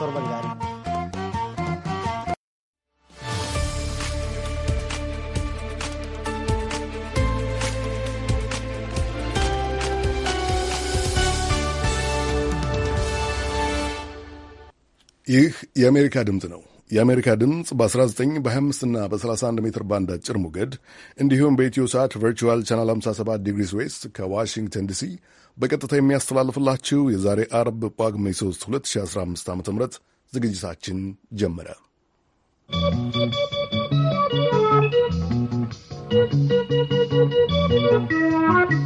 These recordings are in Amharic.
torba gari. ይህ የአሜሪካ ድምፅ ነው። የአሜሪካ ድምፅ በ19 በ25ና በ31 ሜትር ባንድ አጭር ሞገድ እንዲሁም በኢትዮ ሰዓት ቨርቹዋል ቻናል 57 ዲግሪስ ዌስት ከዋሽንግተን ዲሲ በቀጥታ የሚያስተላልፍላችሁ የዛሬ አርብ ጳጉሜ 3 2015 ዓ ም ዝግጅታችን ጀመረ።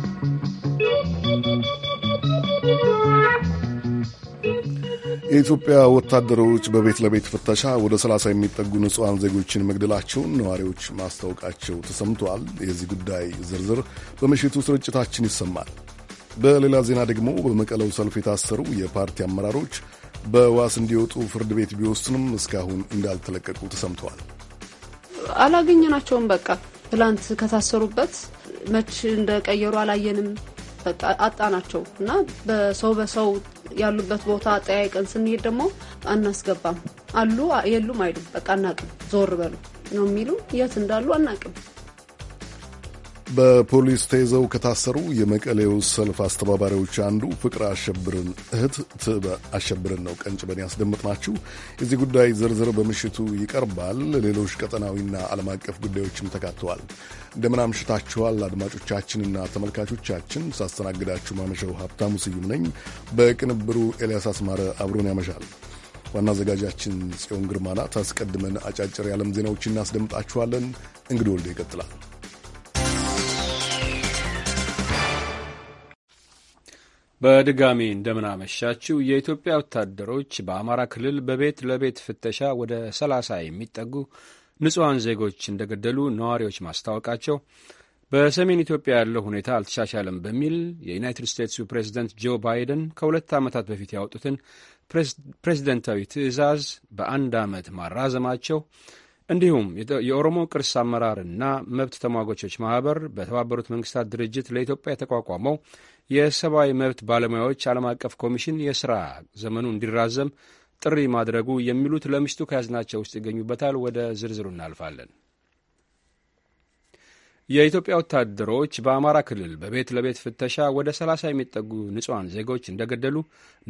¶¶ የኢትዮጵያ ወታደሮች በቤት ለቤት ፍተሻ ወደ 30 የሚጠጉ ንጹሐን ዜጎችን መግደላቸውን ነዋሪዎች ማስታወቃቸው ተሰምተዋል። የዚህ ጉዳይ ዝርዝር በምሽቱ ስርጭታችን ይሰማል። በሌላ ዜና ደግሞ በመቀለው ሰልፍ የታሰሩ የፓርቲ አመራሮች በዋስ እንዲወጡ ፍርድ ቤት ቢወስንም እስካሁን እንዳልተለቀቁ ተሰምተዋል። አላገኘናቸውም። በቃ ትላንት ከታሰሩበት መች እንደቀየሩ አላየንም። አጣናቸው እና በሰው በሰው ያሉበት ቦታ ጠያይቀን ስንሄድ ደግሞ አናስገባም አሉ የሉም አይሉም። በቃ አናቅም፣ ዞር በሉ ነው የሚሉ። የት እንዳሉ አናቅም። በፖሊስ ተይዘው ከታሰሩ የመቀሌው ሰልፍ አስተባባሪዎች አንዱ ፍቅር አሸብርን እህት ትበ አሸብርን ነው ቀንጭበን ናችሁ የዚህ ጉዳይ ዝርዝር በምሽቱ ይቀርባል። ሌሎች ቀጠናዊና ዓለም አቀፍ ጉዳዮችም ተካተዋል። እንደምን አምሽታችኋል አድማጮቻችንና ተመልካቾቻችን። ሳስተናግዳችሁ ማመሻው ሀብታሙ ስዩም ነኝ። በቅንብሩ ኤልያስ አስማረ አብሮን ያመሻል። ዋና አዘጋጃችን ጽዮን ግርማ ናት። አስቀድመን አጫጭር የዓለም ዜናዎችን እናስደምጣችኋለን። እንግዲህ ወልደ ይቀጥላል። በድጋሚ እንደምናመሻችው የኢትዮጵያ ወታደሮች በአማራ ክልል በቤት ለቤት ፍተሻ ወደ 30 የሚጠጉ ንጹሐን ዜጎች እንደገደሉ ነዋሪዎች ማስታወቃቸው፣ በሰሜን ኢትዮጵያ ያለው ሁኔታ አልተሻሻለም በሚል የዩናይትድ ስቴትሱ ፕሬዝደንት ጆ ባይደን ከሁለት ዓመታት በፊት ያወጡትን ፕሬዝደንታዊ ትዕዛዝ በአንድ ዓመት ማራዘማቸው እንዲሁም የኦሮሞ ቅርስ አመራርና መብት ተሟጋቾች ማህበር በተባበሩት መንግስታት ድርጅት ለኢትዮጵያ የተቋቋመው የሰብአዊ መብት ባለሙያዎች ዓለም አቀፍ ኮሚሽን የሥራ ዘመኑ እንዲራዘም ጥሪ ማድረጉ የሚሉት ለምሽቱ ከያዝናቸው ውስጥ ይገኙበታል። ወደ ዝርዝሩ እናልፋለን። የኢትዮጵያ ወታደሮች በአማራ ክልል በቤት ለቤት ፍተሻ ወደ 30 የሚጠጉ ንጹሐን ዜጎች እንደገደሉ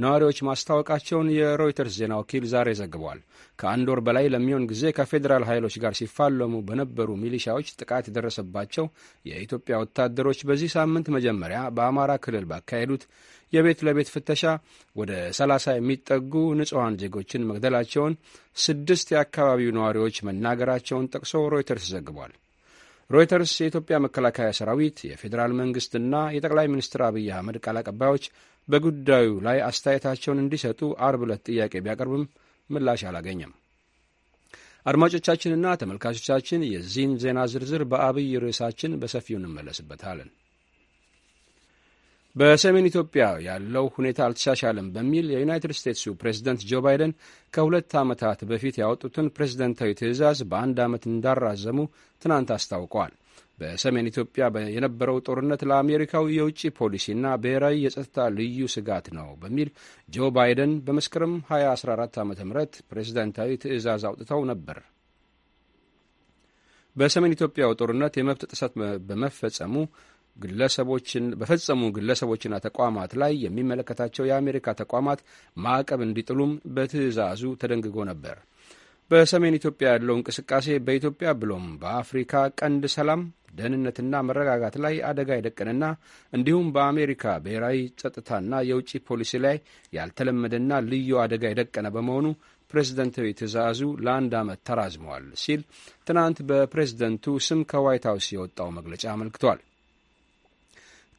ነዋሪዎች ማስታወቃቸውን የሮይተርስ ዜና ወኪል ዛሬ ዘግቧል። ከአንድ ወር በላይ ለሚሆን ጊዜ ከፌዴራል ኃይሎች ጋር ሲፋለሙ በነበሩ ሚሊሻዎች ጥቃት የደረሰባቸው የኢትዮጵያ ወታደሮች በዚህ ሳምንት መጀመሪያ በአማራ ክልል ባካሄዱት የቤት ለቤት ፍተሻ ወደ 30 የሚጠጉ ንጹሐን ዜጎችን መግደላቸውን ስድስት የአካባቢው ነዋሪዎች መናገራቸውን ጠቅሶ ሮይተርስ ዘግቧል። ሮይተርስ የኢትዮጵያ መከላከያ ሰራዊት የፌዴራል መንግስትና የጠቅላይ ሚኒስትር አብይ አህመድ ቃል አቀባዮች በጉዳዩ ላይ አስተያየታቸውን እንዲሰጡ አርብ ዕለት ጥያቄ ቢያቀርብም ምላሽ አላገኘም። አድማጮቻችንና ተመልካቾቻችን የዚህን ዜና ዝርዝር በአብይ ርዕሳችን በሰፊው እንመለስበታለን። በሰሜን ኢትዮጵያ ያለው ሁኔታ አልተሻሻለም በሚል የዩናይትድ ስቴትሱ ፕሬዝደንት ጆ ባይደን ከሁለት ዓመታት በፊት ያወጡትን ፕሬዝደንታዊ ትዕዛዝ በአንድ ዓመት እንዳራዘሙ ትናንት አስታውቀዋል። በሰሜን ኢትዮጵያ የነበረው ጦርነት ለአሜሪካዊ የውጭ ፖሊሲና ብሔራዊ የጸጥታ ልዩ ስጋት ነው በሚል ጆ ባይደን በመስከረም 2014 ዓ ም ፕሬዝደንታዊ ትዕዛዝ አውጥተው ነበር። በሰሜን ኢትዮጵያው ጦርነት የመብት ጥሰት በመፈጸሙ ግለሰቦችን በፈጸሙ ግለሰቦችና ተቋማት ላይ የሚመለከታቸው የአሜሪካ ተቋማት ማዕቀብ እንዲጥሉም በትዕዛዙ ተደንግጎ ነበር። በሰሜን ኢትዮጵያ ያለው እንቅስቃሴ በኢትዮጵያ ብሎም በአፍሪካ ቀንድ ሰላም፣ ደህንነትና መረጋጋት ላይ አደጋ የደቀንና እንዲሁም በአሜሪካ ብሔራዊ ጸጥታና የውጭ ፖሊሲ ላይ ያልተለመደና ልዩ አደጋ የደቀነ በመሆኑ ፕሬዝደንታዊ ትዕዛዙ ለአንድ ዓመት ተራዝመዋል ሲል ትናንት በፕሬዝደንቱ ስም ከዋይት ሀውስ የወጣው መግለጫ አመልክቷል።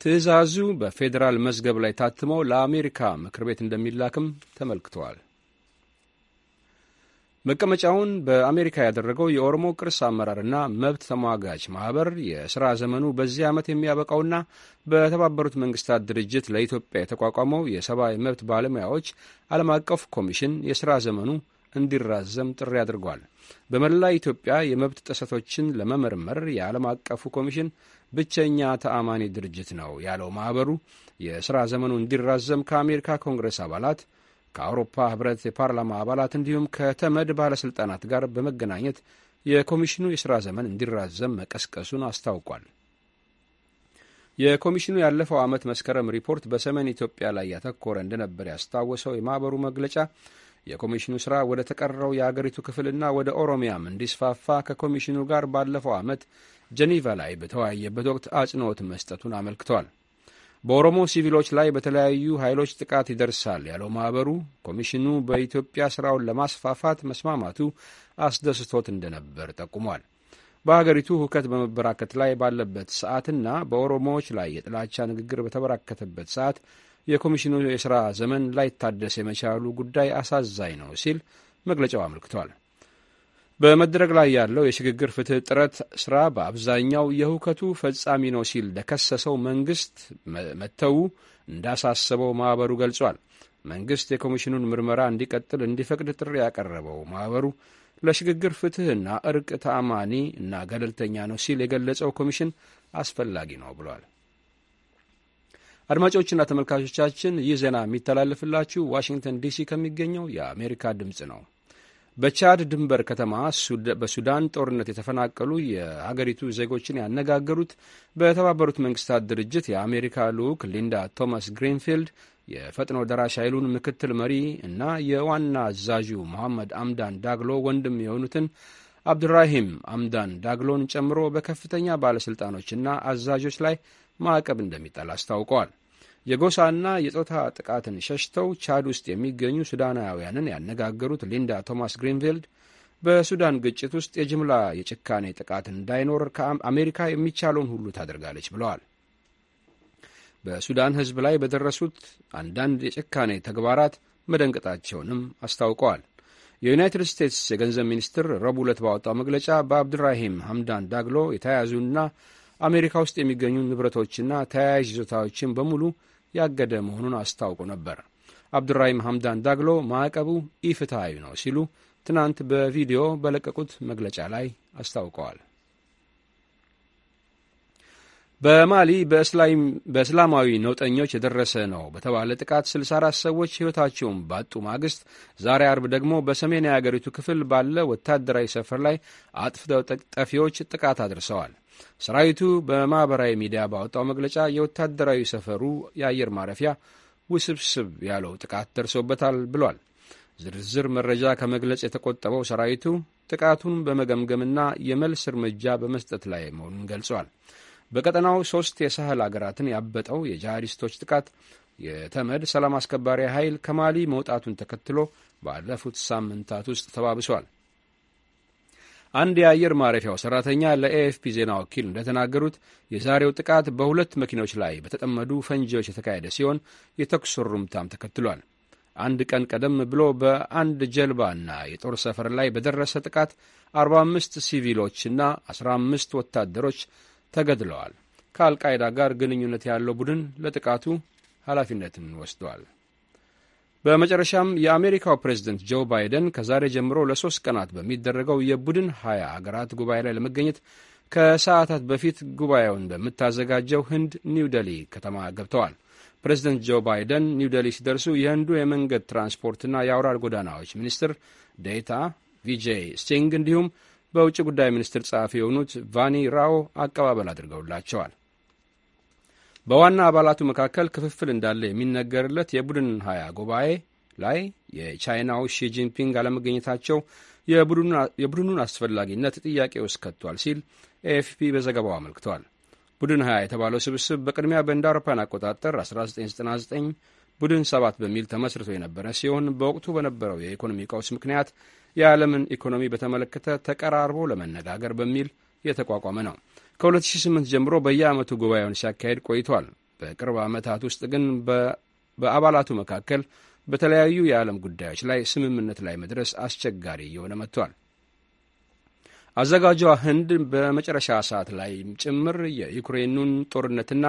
ትዕዛዙ በፌዴራል መዝገብ ላይ ታትሞ ለአሜሪካ ምክር ቤት እንደሚላክም ተመልክተዋል። መቀመጫውን በአሜሪካ ያደረገው የኦሮሞ ቅርስ አመራርና መብት ተሟጋች ማህበር የሥራ ዘመኑ በዚህ ዓመት የሚያበቃውና በተባበሩት መንግስታት ድርጅት ለኢትዮጵያ የተቋቋመው የሰብአዊ መብት ባለሙያዎች ዓለም አቀፍ ኮሚሽን የሥራ ዘመኑ እንዲራዘም ጥሪ አድርጓል። በመላ ኢትዮጵያ የመብት ጥሰቶችን ለመመርመር የዓለም አቀፉ ኮሚሽን ብቸኛ ተአማኒ ድርጅት ነው ያለው ማኅበሩ የሥራ ዘመኑ እንዲራዘም ከአሜሪካ ኮንግረስ አባላት ከአውሮፓ ኅብረት የፓርላማ አባላት እንዲሁም ከተመድ ባለሥልጣናት ጋር በመገናኘት የኮሚሽኑ የሥራ ዘመን እንዲራዘም መቀስቀሱን አስታውቋል። የኮሚሽኑ ያለፈው ዓመት መስከረም ሪፖርት በሰሜን ኢትዮጵያ ላይ ያተኮረ እንደነበር ያስታወሰው የማኅበሩ መግለጫ የኮሚሽኑ ሥራ ወደ ተቀረው የአገሪቱ ክፍልና ወደ ኦሮሚያም እንዲስፋፋ ከኮሚሽኑ ጋር ባለፈው ዓመት ጀኔቫ ላይ በተወያየበት ወቅት አጽንኦት መስጠቱን አመልክቷል። በኦሮሞ ሲቪሎች ላይ በተለያዩ ኃይሎች ጥቃት ይደርሳል ያለው ማኅበሩ ኮሚሽኑ በኢትዮጵያ ሥራውን ለማስፋፋት መስማማቱ አስደስቶት እንደነበር ጠቁሟል። በሀገሪቱ ሁከት በመበራከት ላይ ባለበት ሰዓትና በኦሮሞዎች ላይ የጥላቻ ንግግር በተበራከተበት ሰዓት የኮሚሽኑ የሥራ ዘመን ላይታደስ የመቻሉ ጉዳይ አሳዛኝ ነው ሲል መግለጫው አመልክቷል። በመድረግ ላይ ያለው የሽግግር ፍትህ ጥረት ስራ በአብዛኛው የሁከቱ ፈጻሚ ነው ሲል ለከሰሰው መንግስት መተው እንዳሳሰበው ማኅበሩ ገልጿል። መንግስት የኮሚሽኑን ምርመራ እንዲቀጥል እንዲፈቅድ ጥሪ ያቀረበው ማኅበሩ ለሽግግር ፍትህና እርቅ ተአማኒ እና ገለልተኛ ነው ሲል የገለጸው ኮሚሽን አስፈላጊ ነው ብሏል። አድማጮችና ተመልካቾቻችን ይህ ዜና የሚተላለፍላችሁ ዋሽንግተን ዲሲ ከሚገኘው የአሜሪካ ድምፅ ነው። በቻድ ድንበር ከተማ በሱዳን ጦርነት የተፈናቀሉ የሀገሪቱ ዜጎችን ያነጋገሩት በተባበሩት መንግስታት ድርጅት የአሜሪካ ልዑክ ሊንዳ ቶማስ ግሪንፊልድ የፈጥኖ ደራሽ ኃይሉን ምክትል መሪ እና የዋና አዛዡ መሐመድ አምዳን ዳግሎ ወንድም የሆኑትን አብዱራሂም አምዳን ዳግሎን ጨምሮ በከፍተኛ ባለሥልጣኖችና አዛዦች ላይ ማዕቀብ እንደሚጣል አስታውቀዋል። የጎሳና የጾታ ጥቃትን ሸሽተው ቻድ ውስጥ የሚገኙ ሱዳናውያንን ያነጋገሩት ሊንዳ ቶማስ ግሪንቪልድ በሱዳን ግጭት ውስጥ የጅምላ የጭካኔ ጥቃት እንዳይኖር አሜሪካ የሚቻለውን ሁሉ ታደርጋለች ብለዋል። በሱዳን ሕዝብ ላይ በደረሱት አንዳንድ የጭካኔ ተግባራት መደንገጣቸውንም አስታውቀዋል። የዩናይትድ ስቴትስ የገንዘብ ሚኒስትር ረቡዕ ዕለት ባወጣው መግለጫ በአብድራሂም ሐምዳን ዳግሎ የተያያዙና አሜሪካ ውስጥ የሚገኙ ንብረቶችና ተያያዥ ይዞታዎችን በሙሉ ያገደ መሆኑን አስታውቆ ነበር። አብዱራሂም ሐምዳን ዳግሎ ማዕቀቡ ኢፍትሐዊ ነው ሲሉ ትናንት በቪዲዮ በለቀቁት መግለጫ ላይ አስታውቀዋል። በማሊ በእስላማዊ ነውጠኞች የደረሰ ነው በተባለ ጥቃት 64 ሰዎች ሕይወታቸውን ባጡ ማግስት ዛሬ አርብ ደግሞ በሰሜን የአገሪቱ ክፍል ባለ ወታደራዊ ሰፈር ላይ አጥፍተው ጠፊዎች ጥቃት አድርሰዋል። ሰራዊቱ በማኅበራዊ ሚዲያ ባወጣው መግለጫ የወታደራዊ ሰፈሩ የአየር ማረፊያ ውስብስብ ያለው ጥቃት ደርሶበታል ብሏል። ዝርዝር መረጃ ከመግለጽ የተቆጠበው ሰራዊቱ ጥቃቱን በመገምገምና የመልስ እርምጃ በመስጠት ላይ መሆኑን ገልጿል። በቀጠናው ሦስት የሳህል አገራትን ያበጠው የጂሃዲስቶች ጥቃት የተመድ ሰላም አስከባሪ ኃይል ከማሊ መውጣቱን ተከትሎ ባለፉት ሳምንታት ውስጥ ተባብሷል። አንድ የአየር ማረፊያው ሰራተኛ ለኤኤፍፒ ዜና ወኪል እንደተናገሩት የዛሬው ጥቃት በሁለት መኪኖች ላይ በተጠመዱ ፈንጂዎች የተካሄደ ሲሆን የተኩስ ሩምታም ተከትሏል። አንድ ቀን ቀደም ብሎ በአንድ ጀልባና የጦር ሰፈር ላይ በደረሰ ጥቃት 45 ሲቪሎችና 15 ወታደሮች ተገድለዋል። ከአልቃይዳ ጋር ግንኙነት ያለው ቡድን ለጥቃቱ ኃላፊነትን ወስዷል። በመጨረሻም የአሜሪካው ፕሬዝደንት ጆ ባይደን ከዛሬ ጀምሮ ለሶስት ቀናት በሚደረገው የቡድን ሀያ አገራት ጉባኤ ላይ ለመገኘት ከሰዓታት በፊት ጉባኤውን በምታዘጋጀው ህንድ ኒው ደሊ ከተማ ገብተዋል። ፕሬዝደንት ጆ ባይደን ኒው ደሊ ሲደርሱ የህንዱ የመንገድ ትራንስፖርትና የአውራ ጎዳናዎች ሚኒስትር ዴታ ቪጄ ስቲንግ እንዲሁም በውጭ ጉዳይ ሚኒስትር ጸሐፊ የሆኑት ቫኒ ራኦ አቀባበል አድርገውላቸዋል። በዋና አባላቱ መካከል ክፍፍል እንዳለ የሚነገርለት የቡድን ሀያ ጉባኤ ላይ የቻይናው ሺጂንፒንግ አለመገኘታቸው የቡድኑን አስፈላጊነት ጥያቄ ውስጥ ከቷል ሲል ኤኤፍፒ በዘገባው አመልክቷል። ቡድን ሀያ የተባለው ስብስብ በቅድሚያ በእንደ አውሮፓውያን አቆጣጠር 1999 ቡድን ሰባት በሚል ተመስርቶ የነበረ ሲሆን በወቅቱ በነበረው የኢኮኖሚ ቀውስ ምክንያት የዓለምን ኢኮኖሚ በተመለከተ ተቀራርቦ ለመነጋገር በሚል የተቋቋመ ነው። ከ2008 ጀምሮ በየዓመቱ ጉባኤውን ሲያካሄድ ቆይቷል። በቅርብ ዓመታት ውስጥ ግን በአባላቱ መካከል በተለያዩ የዓለም ጉዳዮች ላይ ስምምነት ላይ መድረስ አስቸጋሪ እየሆነ መጥቷል። አዘጋጇ ህንድ በመጨረሻ ሰዓት ላይ ጭምር የዩክሬኑን ጦርነትና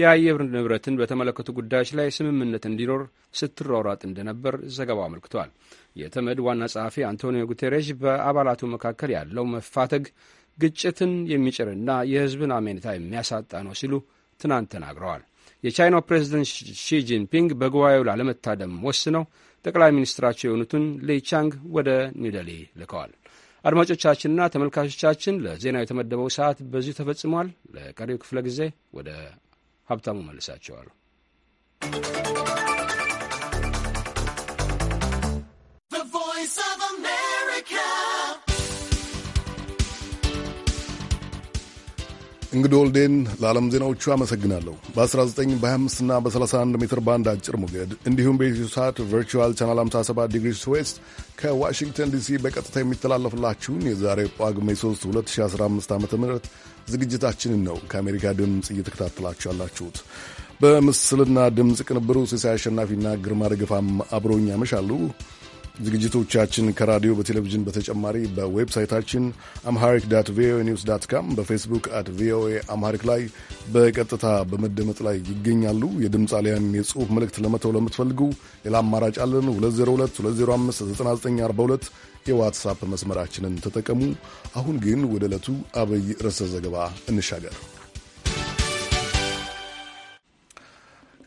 የአየር ንብረትን በተመለከቱ ጉዳዮች ላይ ስምምነት እንዲኖር ስትሯሯጥ እንደነበር ዘገባው አመልክቷል። የተመድ ዋና ጸሐፊ አንቶኒዮ ጉቴሬሽ በአባላቱ መካከል ያለው መፋተግ ግጭትን የሚጭርና የህዝብን አመኔታ የሚያሳጣ ነው ሲሉ ትናንት ተናግረዋል። የቻይናው ፕሬዚደንት ሺጂንፒንግ በጉባኤው ላለመታደም ወስነው ጠቅላይ ሚኒስትራቸው የሆኑትን ሌቻንግ ወደ ኒውዴሊ ልከዋል። አድማጮቻችንና ተመልካቾቻችን ለዜናው የተመደበው ሰዓት በዚሁ ተፈጽሟል። ለቀሪው ክፍለ ጊዜ ወደ ሀብታሙ መልሳቸዋል። እንግዲህ ወልዴን ለዓለም ዜናዎቹ አመሰግናለሁ። በ19 በ25ና በ31 ሜትር ባንድ አጭር ሞገድ እንዲሁም በኢትዮ ሰዓት ቨርቹዋል ቻናል 57 ዲግሪ ስዌስት ከዋሽንግተን ዲሲ በቀጥታ የሚተላለፍላችሁን የዛሬ ጳጉሜ 3 2015 ዓ ም ዝግጅታችንን ነው ከአሜሪካ ድምፅ እየተከታተላችሁ ያላችሁት። በምስልና ድምፅ ቅንብሩ ሲሳይ አሸናፊና ግርማ ደገፋም አብረውኝ ያመሻሉ። ዝግጅቶቻችን ከራዲዮ በቴሌቪዥን በተጨማሪ በዌብሳይታችን አምሃሪክ ዳት ቪኦኤ ኒውስ ዳት ካም በፌስቡክ አት ቪኦኤ አምሃሪክ ላይ በቀጥታ በመደመጥ ላይ ይገኛሉ። የድምፅ አሊያም የጽሑፍ መልእክት ለመተው ለምትፈልጉ ሌላ አማራጭ አለን። 2022059942 የዋትሳፕ መስመራችንን ተጠቀሙ። አሁን ግን ወደ ዕለቱ አብይ ርዕሰ ዘገባ እንሻገር።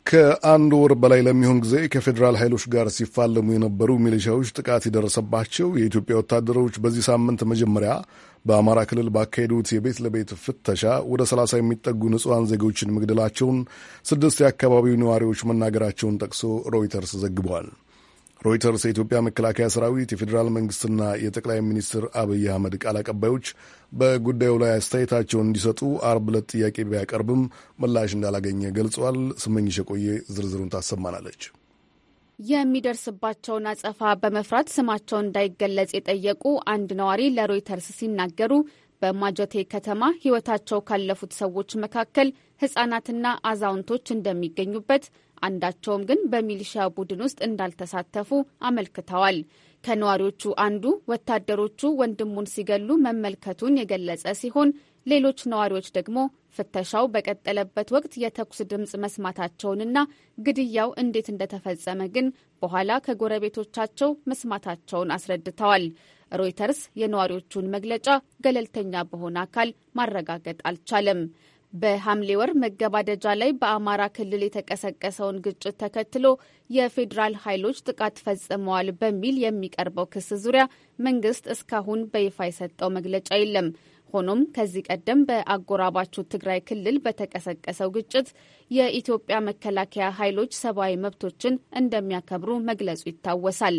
ከአንድ ወር በላይ ለሚሆን ጊዜ ከፌዴራል ኃይሎች ጋር ሲፋለሙ የነበሩ ሚሊሻዎች ጥቃት የደረሰባቸው የኢትዮጵያ ወታደሮች በዚህ ሳምንት መጀመሪያ በአማራ ክልል ባካሄዱት የቤት ለቤት ፍተሻ ወደ ሰላሳ የሚጠጉ ንጹሐን ዜጎችን መግደላቸውን ስድስት የአካባቢው ነዋሪዎች መናገራቸውን ጠቅሶ ሮይተርስ ዘግቧል። ሮይተርስ የኢትዮጵያ መከላከያ ሰራዊት፣ የፌዴራል መንግስትና የጠቅላይ ሚኒስትር አብይ አህመድ ቃል አቀባዮች በጉዳዩ ላይ አስተያየታቸውን እንዲሰጡ አርብ ዕለት ጥያቄ ቢያቀርብም ምላሽ እንዳላገኘ ገልጸዋል። ስመኝሽ የቆየ ዝርዝሩን ታሰማናለች። የሚደርስባቸውን አጸፋ በመፍራት ስማቸው እንዳይገለጽ የጠየቁ አንድ ነዋሪ ለሮይተርስ ሲናገሩ በማጀቴ ከተማ ሕይወታቸው ካለፉት ሰዎች መካከል ሕጻናትና አዛውንቶች እንደሚገኙበት አንዳቸውም ግን በሚሊሻ ቡድን ውስጥ እንዳልተሳተፉ አመልክተዋል። ከነዋሪዎቹ አንዱ ወታደሮቹ ወንድሙን ሲገሉ መመልከቱን የገለጸ ሲሆን ሌሎች ነዋሪዎች ደግሞ ፍተሻው በቀጠለበት ወቅት የተኩስ ድምፅ መስማታቸውንና ግድያው እንዴት እንደተፈጸመ ግን በኋላ ከጎረቤቶቻቸው መስማታቸውን አስረድተዋል። ሮይተርስ የነዋሪዎቹን መግለጫ ገለልተኛ በሆነ አካል ማረጋገጥ አልቻለም። በሐምሌ ወር መገባደጃ ላይ በአማራ ክልል የተቀሰቀሰውን ግጭት ተከትሎ የፌዴራል ኃይሎች ጥቃት ፈጽመዋል በሚል የሚቀርበው ክስ ዙሪያ መንግስት እስካሁን በይፋ የሰጠው መግለጫ የለም። ሆኖም ከዚህ ቀደም በአጎራባቹ ትግራይ ክልል በተቀሰቀሰው ግጭት የኢትዮጵያ መከላከያ ኃይሎች ሰብአዊ መብቶችን እንደሚያከብሩ መግለጹ ይታወሳል።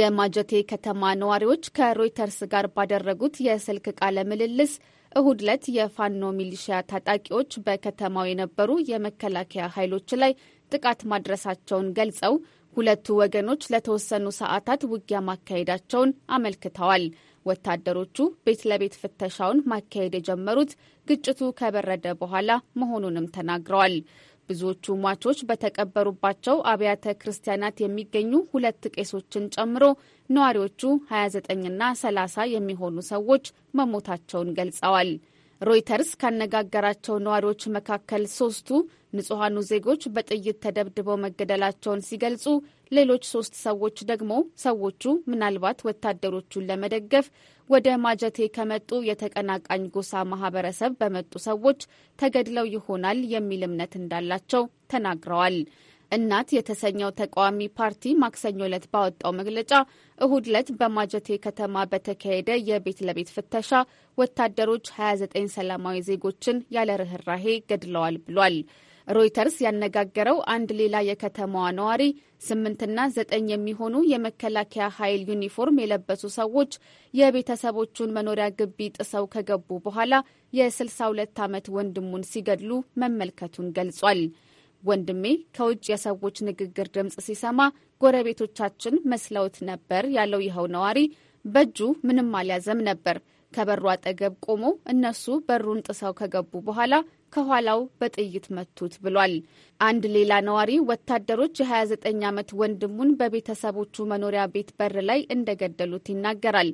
የማጀቴ ከተማ ነዋሪዎች ከሮይተርስ ጋር ባደረጉት የስልክ ቃለ ምልልስ እሁድ ዕለት የፋኖ ሚሊሺያ ታጣቂዎች በከተማው የነበሩ የመከላከያ ኃይሎች ላይ ጥቃት ማድረሳቸውን ገልጸው ሁለቱ ወገኖች ለተወሰኑ ሰዓታት ውጊያ ማካሄዳቸውን አመልክተዋል። ወታደሮቹ ቤት ለቤት ፍተሻውን ማካሄድ የጀመሩት ግጭቱ ከበረደ በኋላ መሆኑንም ተናግረዋል። ብዙዎቹ ሟቾች በተቀበሩባቸው አብያተ ክርስቲያናት የሚገኙ ሁለት ቄሶችን ጨምሮ ነዋሪዎቹ 29ና 30 የሚሆኑ ሰዎች መሞታቸውን ገልጸዋል። ሮይተርስ ካነጋገራቸው ነዋሪዎች መካከል ሶስቱ ንጹሐኑ ዜጎች በጥይት ተደብድበው መገደላቸውን ሲገልጹ፣ ሌሎች ሶስት ሰዎች ደግሞ ሰዎቹ ምናልባት ወታደሮቹን ለመደገፍ ወደ ማጀቴ ከመጡ የተቀናቃኝ ጎሳ ማህበረሰብ በመጡ ሰዎች ተገድለው ይሆናል የሚል እምነት እንዳላቸው ተናግረዋል። እናት የተሰኘው ተቃዋሚ ፓርቲ ማክሰኞ ዕለት ባወጣው መግለጫ እሁድ ዕለት በማጀቴ ከተማ በተካሄደ የቤት ለቤት ፍተሻ ወታደሮች 29 ሰላማዊ ዜጎችን ያለ ርኅራሄ ገድለዋል ብሏል። ሮይተርስ ያነጋገረው አንድ ሌላ የከተማዋ ነዋሪ ስምንትና ዘጠኝ የሚሆኑ የመከላከያ ኃይል ዩኒፎርም የለበሱ ሰዎች የቤተሰቦቹን መኖሪያ ግቢ ጥሰው ከገቡ በኋላ የ62 ዓመት ወንድሙን ሲገድሉ መመልከቱን ገልጿል። ወንድሜ ከውጭ የሰዎች ንግግር ድምፅ ሲሰማ ጎረቤቶቻችን መስለውት ነበር ያለው ይኸው ነዋሪ በእጁ ምንም አልያዘም ነበር። ከበሩ አጠገብ ቆሞ እነሱ በሩን ጥሰው ከገቡ በኋላ ከኋላው በጥይት መቱት ብሏል። አንድ ሌላ ነዋሪ ወታደሮች የ29 ዓመት ወንድሙን በቤተሰቦቹ መኖሪያ ቤት በር ላይ እንደገደሉት ይናገራል።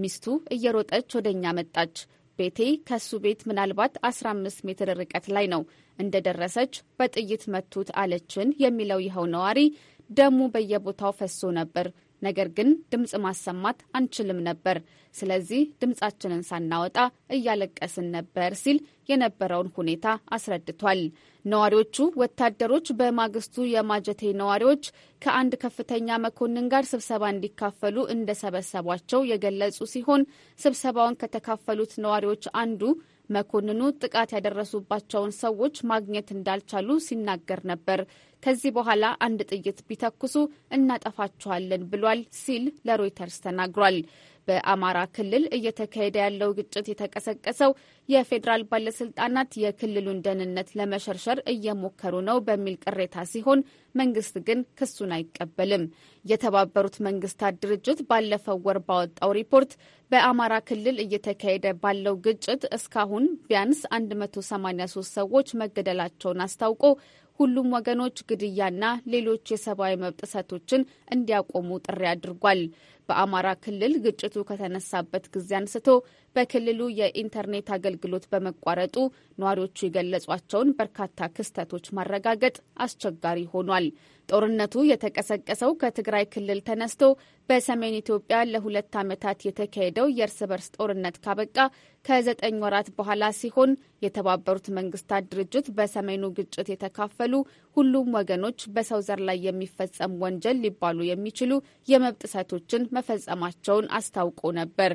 ሚስቱ እየሮጠች ወደ እኛ መጣች። ቤቴ ከሱ ቤት ምናልባት 15 ሜትር ርቀት ላይ ነው። እንደደረሰች በጥይት መቱት አለችን የሚለው ይኸው ነዋሪ ደሙ በየቦታው ፈሶ ነበር። ነገር ግን ድምፅ ማሰማት አንችልም ነበር። ስለዚህ ድምፃችንን ሳናወጣ እያለቀስን ነበር ሲል የነበረውን ሁኔታ አስረድቷል። ነዋሪዎቹ ወታደሮች በማግስቱ የማጀቴ ነዋሪዎች ከአንድ ከፍተኛ መኮንን ጋር ስብሰባ እንዲካፈሉ እንደሰበሰቧቸው የገለጹ ሲሆን ስብሰባውን ከተካፈሉት ነዋሪዎች አንዱ መኮንኑ ጥቃት ያደረሱባቸውን ሰዎች ማግኘት እንዳልቻሉ ሲናገር ነበር። ከዚህ በኋላ አንድ ጥይት ቢተኩሱ እናጠፋቸዋለን ብሏል ሲል ለሮይተርስ ተናግሯል። በአማራ ክልል እየተካሄደ ያለው ግጭት የተቀሰቀሰው የፌዴራል ባለስልጣናት የክልሉን ደህንነት ለመሸርሸር እየሞከሩ ነው በሚል ቅሬታ ሲሆን መንግስት ግን ክሱን አይቀበልም። የተባበሩት መንግስታት ድርጅት ባለፈው ወር ባወጣው ሪፖርት በአማራ ክልል እየተካሄደ ባለው ግጭት እስካሁን ቢያንስ 183 ሰዎች መገደላቸውን አስታውቆ ሁሉም ወገኖች ግድያና ሌሎች የሰብአዊ መብት ጥሰቶችን እንዲያቆሙ ጥሪ አድርጓል። በአማራ ክልል ግጭቱ ከተነሳበት ጊዜ አንስቶ በክልሉ የኢንተርኔት አገልግሎት በመቋረጡ ነዋሪዎቹ የገለጿቸውን በርካታ ክስተቶች ማረጋገጥ አስቸጋሪ ሆኗል። ጦርነቱ የተቀሰቀሰው ከትግራይ ክልል ተነስቶ በሰሜን ኢትዮጵያ ለሁለት ዓመታት የተካሄደው የእርስ በርስ ጦርነት ካበቃ ከዘጠኝ ወራት በኋላ ሲሆን የተባበሩት መንግስታት ድርጅት በሰሜኑ ግጭት የተካፈሉ ሁሉም ወገኖች በሰው ዘር ላይ የሚፈጸም ወንጀል ሊባሉ የሚችሉ የመብት ጥሰቶችን መፈጸማቸውን አስታውቆ ነበር።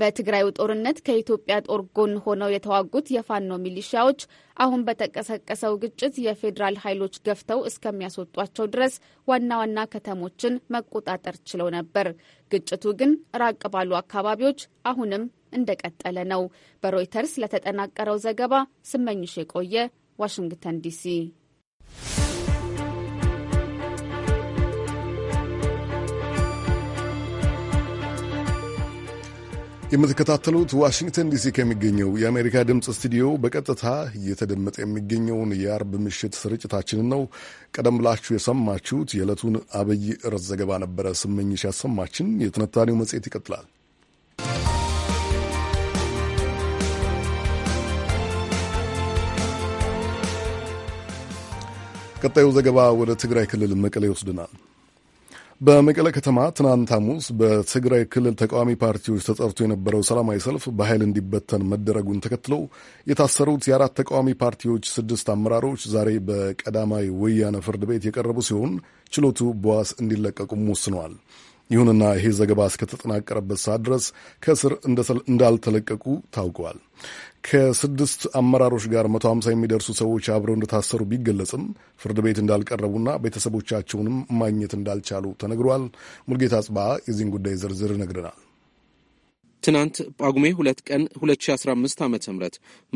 በትግራዩ ጦርነት ከኢትዮጵያ ጦር ጎን ሆነው የተዋጉት የፋኖ ሚሊሺያዎች አሁን በተቀሰቀሰው ግጭት የፌዴራል ኃይሎች ገፍተው እስከሚያስወጧቸው ድረስ ዋና ዋና ከተሞችን መቆጣጠር ችለው ነበር። ግጭቱ ግን ራቅ ባሉ አካባቢዎች አሁንም እንደቀጠለ ነው። በሮይተርስ ለተጠናቀረው ዘገባ ስመኝሽ የቆየ ዋሽንግተን ዲሲ የምትከታተሉት ዋሽንግተን ዲሲ ከሚገኘው የአሜሪካ ድምፅ ስቱዲዮ በቀጥታ እየተደመጠ የሚገኘውን የአርብ ምሽት ስርጭታችንን ነው። ቀደም ብላችሁ የሰማችሁት የዕለቱን አብይ ርዕስ ዘገባ ነበረ። ስመኝሽ ያሰማችን። የትንታኔው መጽሔት ይቀጥላል። ቀጣዩ ዘገባ ወደ ትግራይ ክልል መቀሌ ይወስድናል። በመቀለ ከተማ ትናንት ሐሙስ በትግራይ ክልል ተቃዋሚ ፓርቲዎች ተጠርቶ የነበረው ሰላማዊ ሰልፍ በኃይል እንዲበተን መደረጉን ተከትሎ የታሰሩት የአራት ተቃዋሚ ፓርቲዎች ስድስት አመራሮች ዛሬ በቀዳማዊ ወያነ ፍርድ ቤት የቀረቡ ሲሆን ችሎቱ በዋስ እንዲለቀቁም ወስነዋል። ይሁንና ይሄ ዘገባ እስከተጠናቀረበት ሰዓት ድረስ ከእስር እንዳልተለቀቁ ታውቀዋል። ከስድስት አመራሮች ጋር መቶ ሀምሳ የሚደርሱ ሰዎች አብረው እንደታሰሩ ቢገለጽም ፍርድ ቤት እንዳልቀረቡና ቤተሰቦቻቸውንም ማግኘት እንዳልቻሉ ተነግሯል። ሙልጌታ ጽባ የዚህን ጉዳይ ዝርዝር ይነግረናል። ትናንት ጳጉሜ ሁለት ቀን 2015 ዓ ም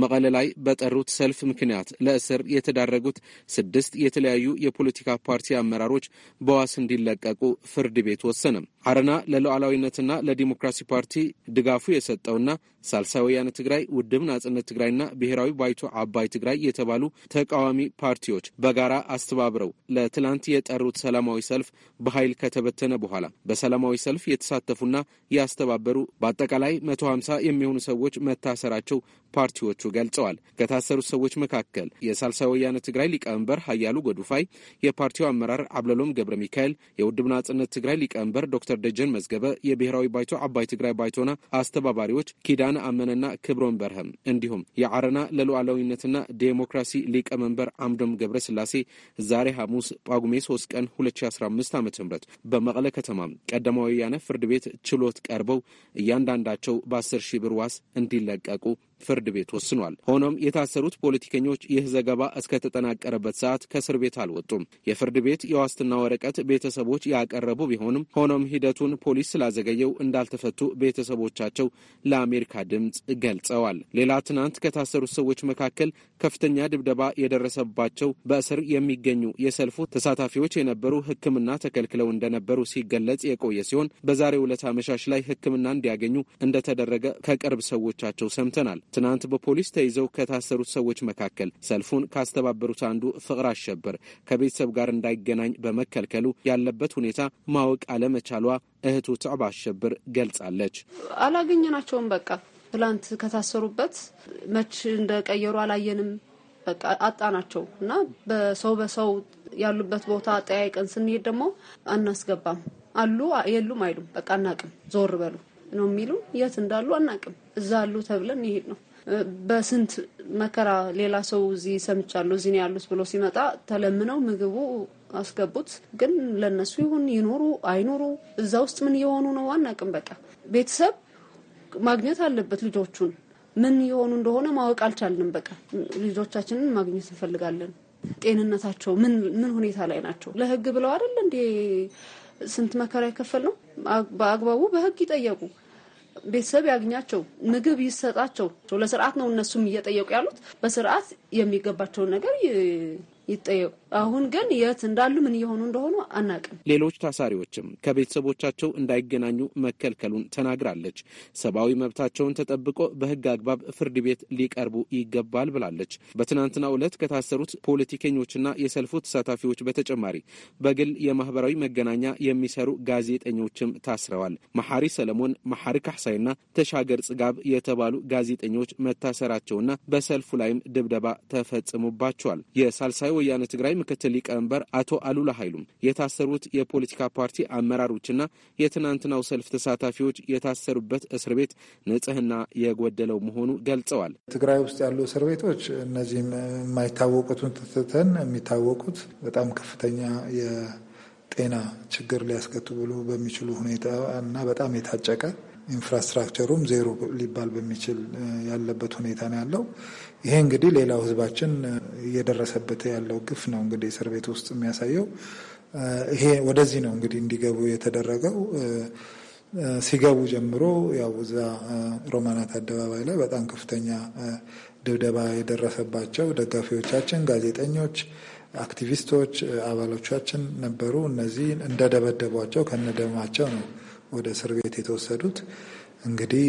መቀለ ላይ በጠሩት ሰልፍ ምክንያት ለእስር የተዳረጉት ስድስት የተለያዩ የፖለቲካ ፓርቲ አመራሮች በዋስ እንዲለቀቁ ፍርድ ቤት ወሰነም። አረና ለሉዓላዊነትና ለዲሞክራሲ ፓርቲ ድጋፉ የሰጠውና ሳልሳይ ወያነ ትግራይ፣ ውድብ ናጽነት ትግራይና ብሔራዊ ባይቶ አባይ ትግራይ የተባሉ ተቃዋሚ ፓርቲዎች በጋራ አስተባብረው ለትላንት የጠሩት ሰላማዊ ሰልፍ በኃይል ከተበተነ በኋላ በሰላማዊ ሰልፍ የተሳተፉና ያስተባበሩ በአጠቃላይ መቶ ሀምሳ የሚሆኑ ሰዎች መታሰራቸው ፓርቲዎቹ ገልጸዋል። ከታሰሩት ሰዎች መካከል የሳልሳይ ወያነ ትግራይ ሊቀመንበር ሀያሉ ጎዱፋይ፣ የፓርቲው አመራር አብለሎም ገብረ ሚካኤል፣ የውድብ ናጽነት ትግራይ ሊቀመንበር ዶክተር ደጀን መዝገበ፣ የብሔራዊ ባይቶ አባይ ትግራይ ባይቶና አስተባባሪዎች ኪዳነ አመነና ክብሮን በርህም እንዲሁም የአረና ለሉዓላዊነትና ዴሞክራሲ ሊቀመንበር አምዶም ገብረ ስላሴ ዛሬ ሐሙስ ጳጉሜ 3 ቀን 2015 ዓ ም በመቀለ ከተማ ቀዳማዊ ወያነ ፍርድ ቤት ችሎት ቀርበው እያንዳንዳቸው በ10 ሺህ ብር ዋስ እንዲለቀቁ ፍርድ ቤት ወስኗል። ሆኖም የታሰሩት ፖለቲከኞች ይህ ዘገባ እስከተጠናቀረበት ሰዓት ከእስር ቤት አልወጡም። የፍርድ ቤት የዋስትና ወረቀት ቤተሰቦች ያቀረቡ ቢሆንም ሆኖም ሂደቱን ፖሊስ ስላዘገየው እንዳልተፈቱ ቤተሰቦቻቸው ለአሜሪካ ድምፅ ገልጸዋል። ሌላ ትናንት ከታሰሩት ሰዎች መካከል ከፍተኛ ድብደባ የደረሰባቸው በእስር የሚገኙ የሰልፉ ተሳታፊዎች የነበሩ ሕክምና ተከልክለው እንደነበሩ ሲገለጽ የቆየ ሲሆን በዛሬው ዕለት አመሻሽ ላይ ሕክምና እንዲያገኙ እንደተደረገ ከቅርብ ሰዎቻቸው ሰምተናል። ትናንት በፖሊስ ተይዘው ከታሰሩት ሰዎች መካከል ሰልፉን ካስተባበሩት አንዱ ፍቅር አሸብር ከቤተሰብ ጋር እንዳይገናኝ በመከልከሉ ያለበት ሁኔታ ማወቅ አለመቻሏ እህቱ ትዕባ አሸብር ገልጻለች። አላገኘናቸውም። በቃ ትላንት ከታሰሩበት መች እንደቀየሩ አላየንም። በቃ አጣናቸው እና በሰው በሰው ያሉበት ቦታ ጠያይቀን ስንሄድ ደግሞ አናስገባም አሉ የሉም አይሉም። በቃ አናቅም፣ ዞር በሉ ነው የሚሉ የት እንዳሉ አናቅም። እዛ አሉ ተብለን ይሄድ ነው። በስንት መከራ ሌላ ሰው እዚህ ሰምቻለሁ እዚህ ነው ያሉት ብሎ ሲመጣ ተለምነው ምግቡ አስገቡት። ግን ለነሱ ይሁን ይኖሩ አይኖሩ እዛ ውስጥ ምን የሆኑ ነው አናቅም። በቃ ቤተሰብ ማግኘት አለበት ልጆቹን ምን የሆኑ እንደሆነ ማወቅ አልቻልንም። በቃ ልጆቻችንን ማግኘት እንፈልጋለን። ጤንነታቸው ምን ምን ሁኔታ ላይ ናቸው? ለህግ ብለው አይደል እንዴ ስንት መከራ የከፈል ነው። በአግባቡ በህግ ይጠየቁ። ቤተሰብ ያግኛቸው፣ ምግብ ይሰጣቸው። ለስርዓት ነው እነሱም እየጠየቁ ያሉት። በስርዓት የሚገባቸውን ነገር ይጠየቁ። አሁን ግን የት እንዳሉ ምን እየሆኑ እንደሆኑ አናቅም። ሌሎች ታሳሪዎችም ከቤተሰቦቻቸው እንዳይገናኙ መከልከሉን ተናግራለች። ሰብአዊ መብታቸውን ተጠብቆ በህግ አግባብ ፍርድ ቤት ሊቀርቡ ይገባል ብላለች። በትናንትናው ዕለት ከታሰሩት ፖለቲከኞችና የሰልፉ ተሳታፊዎች በተጨማሪ በግል የማህበራዊ መገናኛ የሚሰሩ ጋዜጠኞችም ታስረዋል። መሐሪ ሰለሞን፣ መሐሪ ካሕሳይና ተሻገር ጽጋብ የተባሉ ጋዜጠኞች መታሰራቸውና በሰልፉ ላይም ድብደባ ተፈጽሞባቸዋል። የሳልሳይ ወያነ ትግራይ ምክትል ሊቀመንበር አቶ አሉላ ኃይሉም የታሰሩት የፖለቲካ ፓርቲ አመራሮችና የትናንትናው ሰልፍ ተሳታፊዎች የታሰሩበት እስር ቤት ንጽህና የጎደለው መሆኑ ገልጸዋል። ትግራይ ውስጥ ያሉ እስር ቤቶች እነዚህም የማይታወቁትን ትተን የሚታወቁት በጣም ከፍተኛ የጤና ችግር ሊያስከትሉ በሚችሉ ሁኔታ እና በጣም የታጨቀ ኢንፍራስትራክቸሩም ዜሮ ሊባል በሚችል ያለበት ሁኔታ ነው ያለው። ይሄ እንግዲህ ሌላው ህዝባችን እየደረሰበት ያለው ግፍ ነው እንግዲህ እስር ቤት ውስጥ የሚያሳየው ይሄ ወደዚህ ነው እንግዲህ እንዲገቡ የተደረገው። ሲገቡ ጀምሮ ያው እዛ ሮማናት አደባባይ ላይ በጣም ከፍተኛ ድብደባ የደረሰባቸው ደጋፊዎቻችን፣ ጋዜጠኞች፣ አክቲቪስቶች፣ አባሎቻችን ነበሩ። እነዚህ እንደደበደቧቸው ከነደማቸው ነው ወደ እስር ቤት የተወሰዱት። እንግዲህ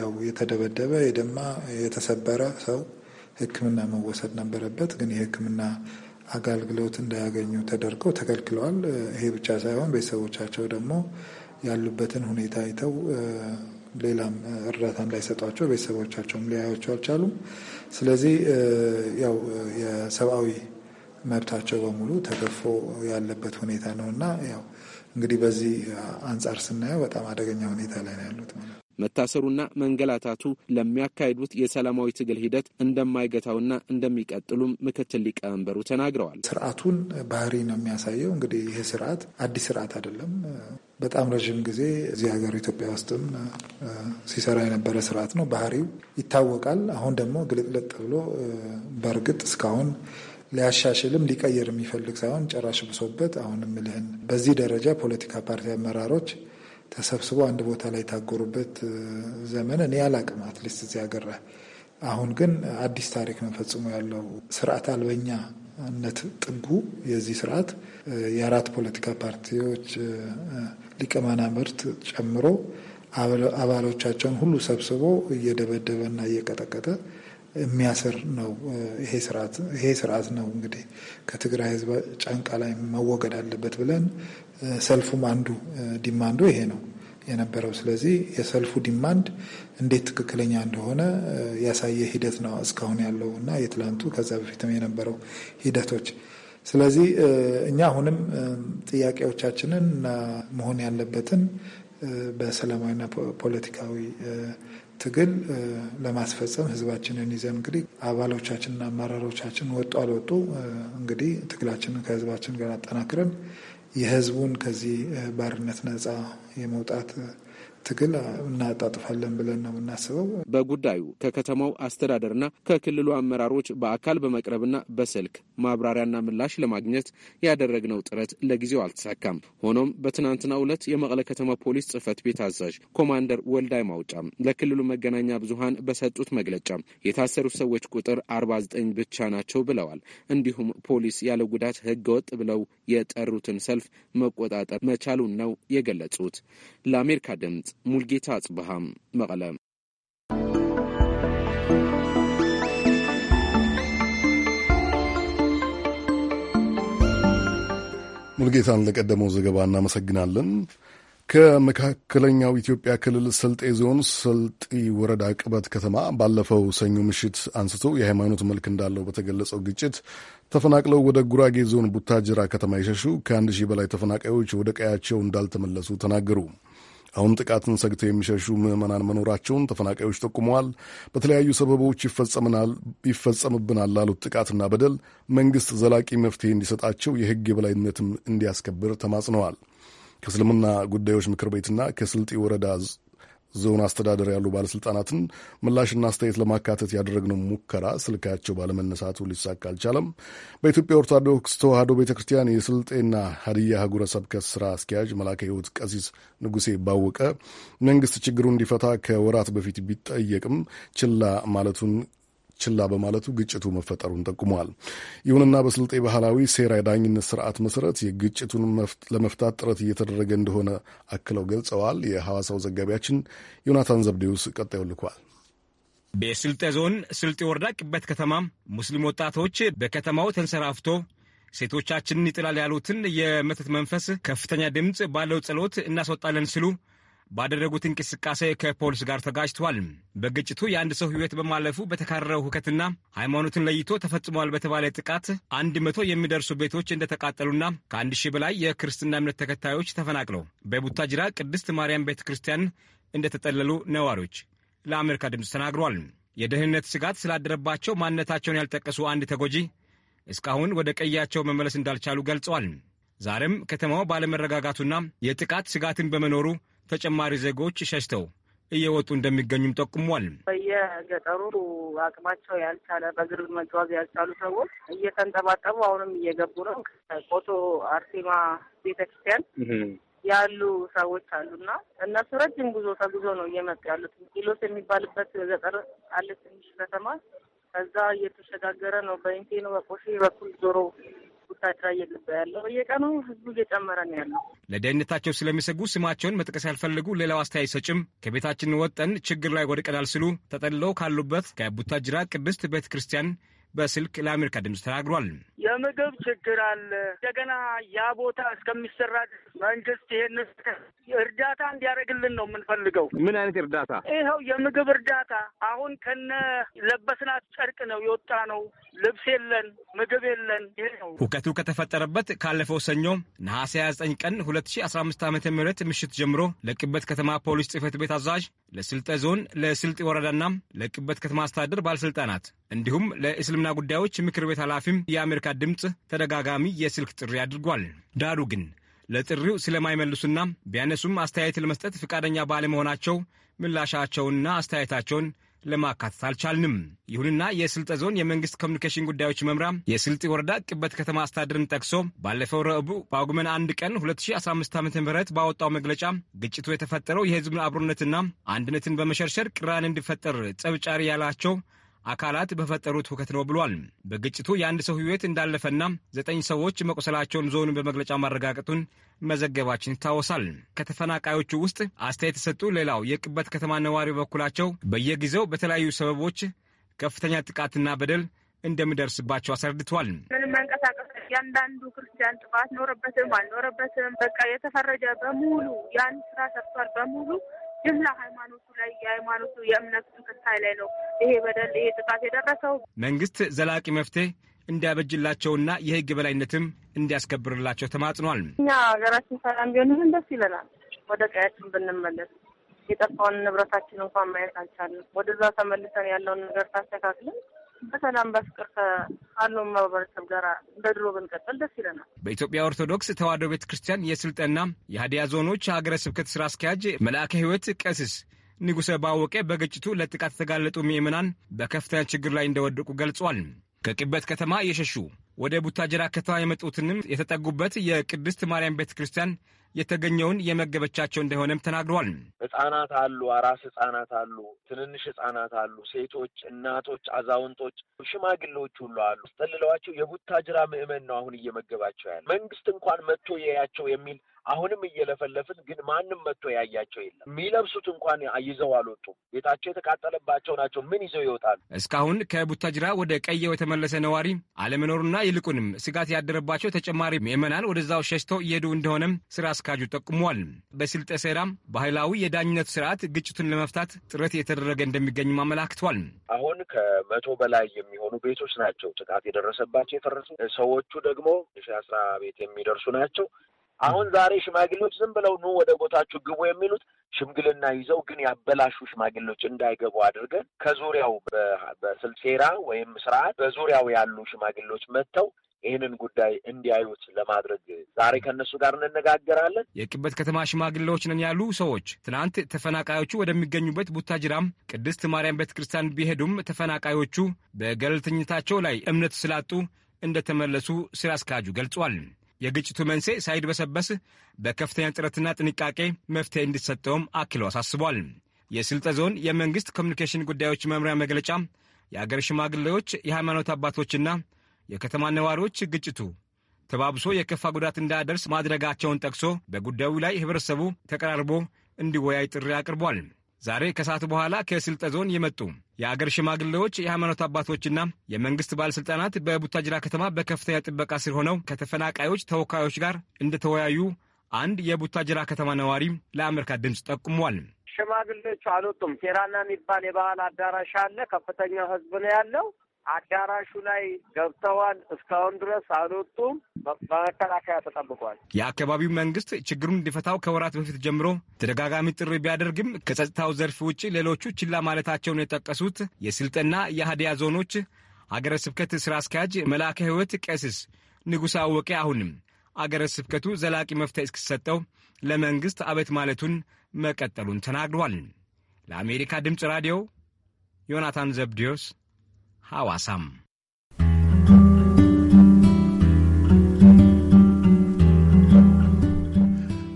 ያው የተደበደበ የደማ የተሰበረ ሰው ሕክምና መወሰድ ነበረበት፣ ግን የሕክምና አገልግሎት እንዳያገኙ ተደርገው ተከልክለዋል። ይሄ ብቻ ሳይሆን ቤተሰቦቻቸው ደግሞ ያሉበትን ሁኔታ አይተው ሌላም እርዳታ እንዳይሰጧቸው ቤተሰቦቻቸውም ሊያያቸው አልቻሉም። ስለዚህ ያው የሰብአዊ መብታቸው በሙሉ ተገፎ ያለበት ሁኔታ ነው እና ያው እንግዲህ በዚህ አንጻር ስናየው በጣም አደገኛ ሁኔታ ላይ ነው ያሉት ማለት መታሰሩና መንገላታቱ ለሚያካሂዱት የሰላማዊ ትግል ሂደት እንደማይገታውና እንደሚቀጥሉም ምክትል ሊቀመንበሩ ተናግረዋል። ስርዓቱን ባህሪ ነው የሚያሳየው። እንግዲህ ይህ ስርዓት አዲስ ስርዓት አይደለም። በጣም ረዥም ጊዜ እዚህ ሀገር ኢትዮጵያ ውስጥም ሲሰራ የነበረ ስርዓት ነው። ባህሪው ይታወቃል። አሁን ደግሞ ግልጥልጥ ብሎ በእርግጥ እስካሁን ሊያሻሽልም ሊቀይር የሚፈልግ ሳይሆን ጭራሽ ብሶበት አሁንም ልህን በዚህ ደረጃ ፖለቲካ ፓርቲ አመራሮች ተሰብስቦ አንድ ቦታ ላይ የታጎሩበት ዘመን እኔ አላቅም። አትሊስት እዚህ ሀገር አሁን ግን አዲስ ታሪክ ነው ፈጽሞ ያለው ስርዓት አልበኛ ነት ጥጉ የዚህ ስርዓት የአራት ፖለቲካ ፓርቲዎች ሊቀመናምርት ጨምሮ አባሎቻቸውን ሁሉ ሰብስቦ እየደበደበና እየቀጠቀጠ የሚያስር ነው ይሄ ስርዓት ነው እንግዲህ ከትግራይ ህዝብ ጫንቃ ላይ መወገድ አለበት ብለን ሰልፉም አንዱ ዲማንዱ ይሄ ነው የነበረው። ስለዚህ የሰልፉ ዲማንድ እንዴት ትክክለኛ እንደሆነ ያሳየ ሂደት ነው እስካሁን ያለው እና የትላንቱ ከዛ በፊትም የነበረው ሂደቶች። ስለዚህ እኛ አሁንም ጥያቄዎቻችንን እና መሆን ያለበትን በሰላማዊና ፖለቲካዊ ትግል ለማስፈጸም ህዝባችንን ይዘን እንግዲህ አባሎቻችንና አመራሮቻችን ወጡ አልወጡ እንግዲህ ትግላችንን ከህዝባችን ጋር አጠናክረን የህዝቡን ከዚህ ባርነት ነጻ የመውጣት ትግል እናጣጥፋለን ብለን ነው የምናስበው። በጉዳዩ ከከተማው አስተዳደርና ከክልሉ አመራሮች በአካል በመቅረብና በስልክ ማብራሪያና ምላሽ ለማግኘት ያደረግነው ጥረት ለጊዜው አልተሳካም። ሆኖም በትናንትናው ዕለት የመቀለ ከተማ ፖሊስ ጽህፈት ቤት አዛዥ ኮማንደር ወልዳይ ማውጫ ለክልሉ መገናኛ ብዙሃን በሰጡት መግለጫ የታሰሩት ሰዎች ቁጥር 49 ብቻ ናቸው ብለዋል። እንዲሁም ፖሊስ ያለ ጉዳት ህገወጥ ብለው የጠሩትን ሰልፍ መቆጣጠር መቻሉን ነው የገለጹት። ለአሜሪካ ድምጽ ሙልጌታ አጽብሃም መቐለ። ሙልጌታን ለቀደመው ዘገባ እናመሰግናለን። ከመካከለኛው ኢትዮጵያ ክልል ስልጤ ዞን ስልጢ ወረዳ ቅበት ከተማ ባለፈው ሰኞ ምሽት አንስቶ የሃይማኖት መልክ እንዳለው በተገለጸው ግጭት ተፈናቅለው ወደ ጉራጌ ዞን ቡታጅራ ከተማ የሸሹ ከአንድ ሺህ በላይ ተፈናቃዮች ወደ ቀያቸው እንዳልተመለሱ ተናገሩ። አሁን ጥቃትን ሰግተው የሚሸሹ ምዕመናን መኖራቸውን ተፈናቃዮች ጠቁመዋል። በተለያዩ ሰበቦች ይፈጸምብናል ላሉት ጥቃትና በደል መንግስት ዘላቂ መፍትሄ እንዲሰጣቸው የህግ የበላይነትም እንዲያስከብር ተማጽነዋል። ከእስልምና ጉዳዮች ምክር ቤትና ከስልጤ ወረዳ ዞን አስተዳደር ያሉ ባለስልጣናትን ምላሽና አስተያየት ለማካተት ያደረግነው ሙከራ ስልካቸው ባለመነሳቱ ሊሳካ አልቻለም። በኢትዮጵያ ኦርቶዶክስ ተዋህዶ ቤተ ክርስቲያን የስልጤና ሀዲያ ሀገረ ስብከት ስራ አስኪያጅ መላከ ሕይወት ቀሲስ ንጉሴ ባወቀ መንግስት ችግሩን እንዲፈታ ከወራት በፊት ቢጠየቅም ችላ ማለቱን ችላ በማለቱ ግጭቱ መፈጠሩን ጠቁመዋል። ይሁንና በስልጤ ባህላዊ ሴራ የዳኝነት ስርዓት መሰረት የግጭቱን ለመፍታት ጥረት እየተደረገ እንደሆነ አክለው ገልጸዋል። የሐዋሳው ዘጋቢያችን ዮናታን ዘብዴውስ ቀጣዩ ልኳል። በስልጤ ዞን ስልጤ ወረዳ ቅበት ከተማ ሙስሊም ወጣቶች በከተማው ተንሰራፍቶ ሴቶቻችንን ይጥላል ያሉትን የመተት መንፈስ ከፍተኛ ድምፅ ባለው ጸሎት እናስወጣለን ሲሉ ባደረጉት እንቅስቃሴ ከፖሊስ ጋር ተጋጭቷል። በግጭቱ የአንድ ሰው ሕይወት በማለፉ በተካረረው ሁከትና ሃይማኖትን ለይቶ ተፈጽሟል በተባለ ጥቃት አንድ መቶ የሚደርሱ ቤቶች እንደተቃጠሉና ከአንድ ሺህ በላይ የክርስትና እምነት ተከታዮች ተፈናቅለው በቡታጅራ ቅድስት ማርያም ቤተ ክርስቲያን እንደተጠለሉ ነዋሪዎች ለአሜሪካ ድምፅ ተናግሯል። የደህንነት ስጋት ስላደረባቸው ማንነታቸውን ያልጠቀሱ አንድ ተጎጂ እስካሁን ወደ ቀያቸው መመለስ እንዳልቻሉ ገልጸዋል። ዛሬም ከተማው ባለመረጋጋቱና የጥቃት ስጋትን በመኖሩ ተጨማሪ ዜጎች ሸሽተው እየወጡ እንደሚገኙም ጠቁሟል። በየገጠሩ አቅማቸው ያልቻለ በእግር መጓዝ ያልቻሉ ሰዎች እየተንጠባጠቡ አሁንም እየገቡ ነው። ቆቶ አርሴማ ቤተክርስቲያን ያሉ ሰዎች አሉና እነሱ ረጅም ጉዞ ተጉዞ ነው እየመጡ ያሉት። ኪሎስ የሚባልበት ገጠር አለ ትንሽ ከተማ። ከዛ እየተሸጋገረ ነው በኢንቴኖ በቆሼ በኩል ዞሮ ወታደራ እየገባ ያለው በየቀኑ ህዝቡ እየጨመረ ነው ያለው። ለደህንነታቸው ስለሚሰጉ ስማቸውን መጥቀስ ያልፈልጉ ሌላው አስተያየት ሰጭም ከቤታችን ወጠን ችግር ላይ ወድቀናል ሲሉ ተጠልለው ካሉበት ከቡታጅራ ቅድስት ቤተ ክርስቲያን በስልክ ለአሜሪካ ድምፅ ተናግሯል። የምግብ ችግር አለ። እንደገና ያ ቦታ እስከሚሰራ መንግስት ይህን እርዳታ እንዲያደርግልን ነው የምንፈልገው። ምን አይነት እርዳታ? ይኸው የምግብ እርዳታ። አሁን ከነ ለበስናት ጨርቅ ነው የወጣ ነው። ልብስ የለን፣ ምግብ የለን። ይህ ነው ሁከቱ ከተፈጠረበት ካለፈው ሰኞ ነሐሴ 29 ቀን 2015 ዓ ም ምሽት ጀምሮ ለቅበት ከተማ ፖሊስ ጽህፈት ቤት አዛዥ፣ ለስልጠ ዞን፣ ለስልጥ ወረዳና ለቅበት ከተማ አስተዳደር ባለስልጣናት እንዲሁም ለእስልምና ጉዳዮች ምክር ቤት ኃላፊም የአሜሪካ ድምፅ ተደጋጋሚ የስልክ ጥሪ አድርጓል። ዳሩ ግን ለጥሪው ስለማይመልሱና ቢያነሱም አስተያየት ለመስጠት ፈቃደኛ ባለመሆናቸው ምላሻቸውንና አስተያየታቸውን ለማካተት አልቻልንም። ይሁንና የስልጠ ዞን የመንግስት ኮሚኒኬሽን ጉዳዮች መምሪያ የስልጢ ወረዳ ቅበት ከተማ አስተዳደርን ጠቅሶ ባለፈው ረቡዕ ጳጉሜን አንድ ቀን 2015 ዓ ም ባወጣው መግለጫ ግጭቱ የተፈጠረው የህዝብን አብሮነትና አንድነትን በመሸርሸር ቅራን እንዲፈጠር ጸብጫሪ ያላቸው አካላት በፈጠሩት ሁከት ነው ብሏል። በግጭቱ የአንድ ሰው ህይወት እንዳለፈና ዘጠኝ ሰዎች መቁሰላቸውን ዞኑ በመግለጫ ማረጋገጡን መዘገባችን ይታወሳል። ከተፈናቃዮቹ ውስጥ አስተያየት የሰጡ ሌላው የቅበት ከተማ ነዋሪ በበኩላቸው በየጊዜው በተለያዩ ሰበቦች ከፍተኛ ጥቃትና በደል እንደሚደርስባቸው አስረድቷል። ምንም መንቀሳቀስ እያንዳንዱ ክርስቲያን ጥፋት ኖረበትም አልኖረበትም በቃ የተፈረጀ በሙሉ ያን ስራ ሰርቷል በሙሉ ጅምላ ሃይማኖቱ ላይ የሃይማኖቱ የእምነቱ ተከታይ ላይ ነው ይሄ በደል ይሄ ጥቃት የደረሰው። መንግስት ዘላቂ መፍትሄ እንዲያበጅላቸውና የህግ በላይነትም እንዲያስከብርላቸው ተማጽኗል። እኛ ሀገራችን ሰላም ቢሆንም ደስ ይለናል። ወደ ቀያችን ብንመለስ የጠፋውን ንብረታችን እንኳን ማየት አልቻለም። ወደዛ ተመልሰን ያለውን ነገር ታስተካክለን በሰላም በፍቅር ካለው ማህበረሰብ ጋር እንደ ድሮ ብንቀጥል ደስ ይለናል። በኢትዮጵያ ኦርቶዶክስ ተዋህዶ ቤተ ክርስቲያን የስልጠና የሀዲያ ዞኖች ሀገረ ስብከት ስራ አስኪያጅ መልአከ ህይወት ቀሲስ ንጉሰ ባወቀ በግጭቱ ለጥቃት የተጋለጡ ምእመናን በከፍተኛ ችግር ላይ እንደወደቁ ገልጿል። ከቅበት ከተማ የሸሹ ወደ ቡታጀራ ከተማ የመጡትንም የተጠጉበት የቅድስት ማርያም ቤተ ክርስቲያን የተገኘውን የመገበቻቸው እንደሆነም ተናግረዋል። ህጻናት አሉ፣ አራስ ህጻናት አሉ፣ ትንንሽ ህጻናት አሉ፣ ሴቶች፣ እናቶች፣ አዛውንቶች፣ ሽማግሌዎች ሁሉ አሉ። አስጠልለዋቸው የቡታጅራ ምዕመን ነው አሁን እየመገባቸው ያለ መንግስት እንኳን መጥቶ የያቸው የሚል አሁንም እየለፈለፍን ግን ማንም መጥቶ ያያቸው የለም። የሚለብሱት እንኳን ይዘው አልወጡም። ቤታቸው የተቃጠለባቸው ናቸው። ምን ይዘው ይወጣሉ? እስካሁን ከቡታጅራ ወደ ቀየው የተመለሰ ነዋሪ አለመኖሩና ይልቁንም ስጋት ያደረባቸው ተጨማሪ ምዕመናን ወደዛው ሸሽተው እየሄዱ እንደሆነም ስራ አስካጁ ጠቁሟል። በስልጠ ሴራም ባህላዊ የዳኝነት ስርዓት ግጭቱን ለመፍታት ጥረት የተደረገ እንደሚገኝም አመላክቷል። አሁን ከመቶ በላይ የሚሆኑ ቤቶች ናቸው ጥቃት የደረሰባቸው የፈረሱ ሰዎቹ ደግሞ ሺ አስራ ቤት የሚደርሱ ናቸው። አሁን ዛሬ ሽማግሌዎች ዝም ብለው ኑ ወደ ቦታችሁ ግቡ የሚሉት ሽምግልና ይዘው ግን ያበላሹ ሽማግሌዎች እንዳይገቡ አድርገን ከዙሪያው በስልሴራ ወይም ስርዓት በዙሪያው ያሉ ሽማግሌዎች መጥተው ይህንን ጉዳይ እንዲያዩት ለማድረግ ዛሬ ከእነሱ ጋር እንነጋገራለን። የቅበት ከተማ ሽማግሌዎች ነን ያሉ ሰዎች ትናንት ተፈናቃዮቹ ወደሚገኙበት ቡታጅራም ቅድስት ማርያም ቤተ ክርስቲያን ቢሄዱም ተፈናቃዮቹ በገለልተኝነታቸው ላይ እምነት ስላጡ እንደተመለሱ ስራ አስኪያጁ ገልጿል። የግጭቱ መንስኤ ሳይድበሰበስ በከፍተኛ ጥረትና ጥንቃቄ መፍትሄ እንዲሰጠውም አክሎ አሳስቧል። የስልጠ ዞን የመንግሥት ኮሚኒኬሽን ጉዳዮች መምሪያ መግለጫ የአገር ሽማግሌዎች፣ የሃይማኖት አባቶችና የከተማ ነዋሪዎች ግጭቱ ተባብሶ የከፋ ጉዳት እንዳያደርስ ማድረጋቸውን ጠቅሶ በጉዳዩ ላይ ህብረተሰቡ ተቀራርቦ እንዲወያይ ጥሪ አቅርቧል። ዛሬ ከሰዓት በኋላ ከስልጠ ዞን የመጡ የአገር ሽማግሌዎች፣ የሃይማኖት አባቶችና የመንግስት ባለሥልጣናት በቡታጅራ ከተማ በከፍተኛ ጥበቃ ስር ሆነው ከተፈናቃዮች ተወካዮች ጋር እንደተወያዩ አንድ የቡታጅራ ከተማ ነዋሪ ለአሜሪካ ድምፅ ጠቁሟል። ሽማግሌዎቹ አልወጡም። ቴራና የሚባል የባህል አዳራሽ አለ። ከፍተኛው ህዝብ ነው ያለው። አዳራሹ ላይ ገብተዋል። እስካሁን ድረስ አልወጡም። በመከላከያ ተጠብቋል። የአካባቢው መንግስት ችግሩን እንዲፈታው ከወራት በፊት ጀምሮ ተደጋጋሚ ጥሪ ቢያደርግም ከጸጥታው ዘርፍ ውጭ ሌሎቹ ችላ ማለታቸውን የጠቀሱት የስልጠና የሀዲያ ዞኖች አገረ ስብከት ስራ አስኪያጅ መልአከ ሕይወት ቀሲስ ንጉሥ አወቀ አሁንም አገረ ስብከቱ ዘላቂ መፍትሄ እስኪሰጠው ለመንግሥት አቤት ማለቱን መቀጠሉን ተናግሯል። ለአሜሪካ ድምፅ ራዲዮ ዮናታን ዘብዲዮስ ሐዋሳም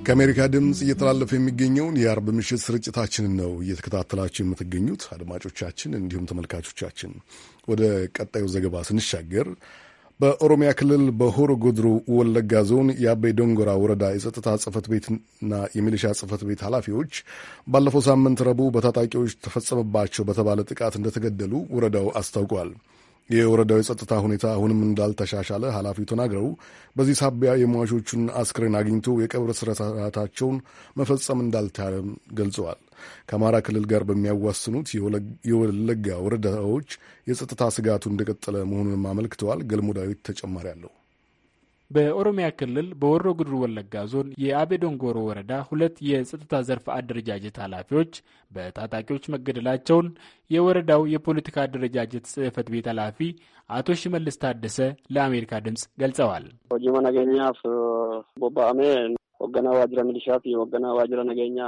ከአሜሪካ ድምፅ እየተላለፈ የሚገኘውን የአርብ ምሽት ስርጭታችንን ነው እየተከታተላችሁ የምትገኙት አድማጮቻችን፣ እንዲሁም ተመልካቾቻችን። ወደ ቀጣዩ ዘገባ ስንሻገር በኦሮሚያ ክልል በሆሮ ጉድሩ ወለጋ ዞን የአቤ ደንጎራ ወረዳ የጸጥታ ጽህፈት ቤትና የሚሊሻ ጽህፈት ቤት ኃላፊዎች ባለፈው ሳምንት ረቡዕ በታጣቂዎች ተፈጸመባቸው በተባለ ጥቃት እንደተገደሉ ወረዳው አስታውቋል። የወረዳው የጸጥታ ሁኔታ አሁንም እንዳልተሻሻለ ኃላፊው ተናግረው በዚህ ሳቢያ የሟቾቹን አስክሬን አግኝቶ የቀብር ሥነ መፈጸም እንዳልቻለም ገልጸዋል። ከአማራ ክልል ጋር በሚያዋስኑት የወለጋ ወረዳዎች የጸጥታ ስጋቱ እንደቀጠለ መሆኑንም አመልክተዋል። ገልሞ ዳዊት ተጨማሪ አለው። በኦሮሚያ ክልል በወሮ ጉድሩ ወለጋ ዞን የአቤዶንጎሮ ወረዳ ሁለት የጸጥታ ዘርፍ አደረጃጀት ኃላፊዎች በታጣቂዎች መገደላቸውን የወረዳው የፖለቲካ አደረጃጀት ጽህፈት ቤት ኃላፊ አቶ ሽመልስ ታደሰ ለአሜሪካ ድምፅ ገልጸዋል። ሆጂመ ቦባአሜ ወገና ዋጅረ ሚሊሻት ወገና ዋጅረ ነገኛ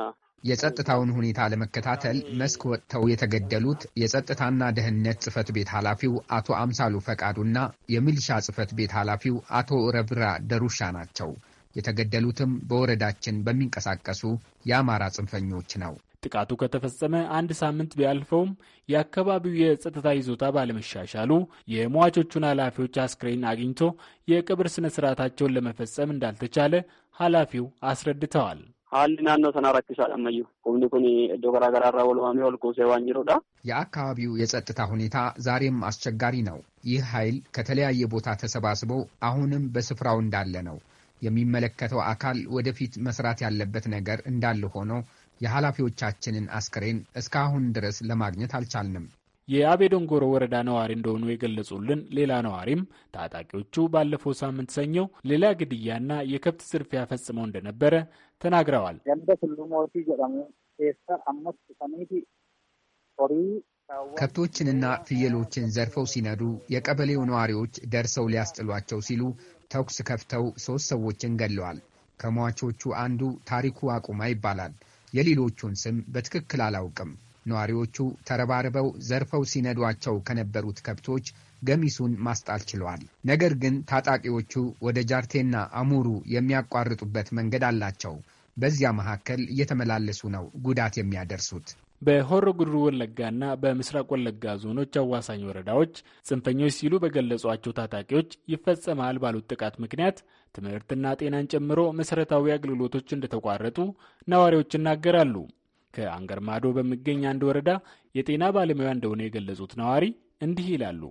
የጸጥታውን ሁኔታ ለመከታተል መስክ ወጥተው የተገደሉት የጸጥታና ደህንነት ጽህፈት ቤት ኃላፊው አቶ አምሳሉ ፈቃዱና የሚሊሻ ጽህፈት ቤት ኃላፊው አቶ ረብራ ደሩሻ ናቸው። የተገደሉትም በወረዳችን በሚንቀሳቀሱ የአማራ ጽንፈኞች ነው። ጥቃቱ ከተፈጸመ አንድ ሳምንት ቢያልፈውም የአካባቢው የጸጥታ ይዞታ ባለመሻሻሉ የሟቾቹን ኃላፊዎች አስክሬን አግኝቶ የቅብር ስነ ስርዓታቸውን ለመፈጸም እንዳልተቻለ ኃላፊው አስረድተዋል። ሀሊ ናኖ ተናራኪሳል አመዩ ሁምኒ ኩኒ እዶ ገራገራራ ወልዋሚ ወልቁ ሴዋን ጅሩዳ የአካባቢው የጸጥታ ሁኔታ ዛሬም አስቸጋሪ ነው። ይህ ኃይል ከተለያየ ቦታ ተሰባስቦ አሁንም በስፍራው እንዳለ ነው። የሚመለከተው አካል ወደፊት መስራት ያለበት ነገር እንዳለ ሆኖ የኃላፊዎቻችንን አስክሬን እስካሁን ድረስ ለማግኘት አልቻልንም። የአቤዶንጎሮ ወረዳ ነዋሪ እንደሆኑ የገለጹልን ሌላ ነዋሪም ታጣቂዎቹ ባለፈው ሳምንት ሰኞ ሌላ ግድያና የከብት ዝርፊያ ፈጽመው እንደነበረ ተናግረዋል። ከብቶችንና ፍየሎችን ዘርፈው ሲነዱ የቀበሌው ነዋሪዎች ደርሰው ሊያስጥሏቸው ሲሉ ተኩስ ከፍተው ሦስት ሰዎችን ገድለዋል። ከሟቾቹ አንዱ ታሪኩ አቁማ ይባላል። የሌሎቹን ስም በትክክል አላውቅም። ነዋሪዎቹ ተረባርበው ዘርፈው ሲነዷቸው ከነበሩት ከብቶች ገሚሱን ማስጣል ችለዋል። ነገር ግን ታጣቂዎቹ ወደ ጃርቴና አሙሩ የሚያቋርጡበት መንገድ አላቸው። በዚያ መካከል እየተመላለሱ ነው ጉዳት የሚያደርሱት። በሆሮ ጉድሩ ወለጋና በምስራቅ ወለጋ ዞኖች አዋሳኝ ወረዳዎች ጽንፈኞች ሲሉ በገለጿቸው ታጣቂዎች ይፈጸማል ባሉት ጥቃት ምክንያት ትምህርትና ጤናን ጨምሮ መሠረታዊ አገልግሎቶች እንደተቋረጡ ነዋሪዎች ይናገራሉ። ከአንገር ማዶ በሚገኝ አንድ ወረዳ የጤና ባለሙያ እንደሆነ የገለጹት ነዋሪ እንዲህ ይላሉ።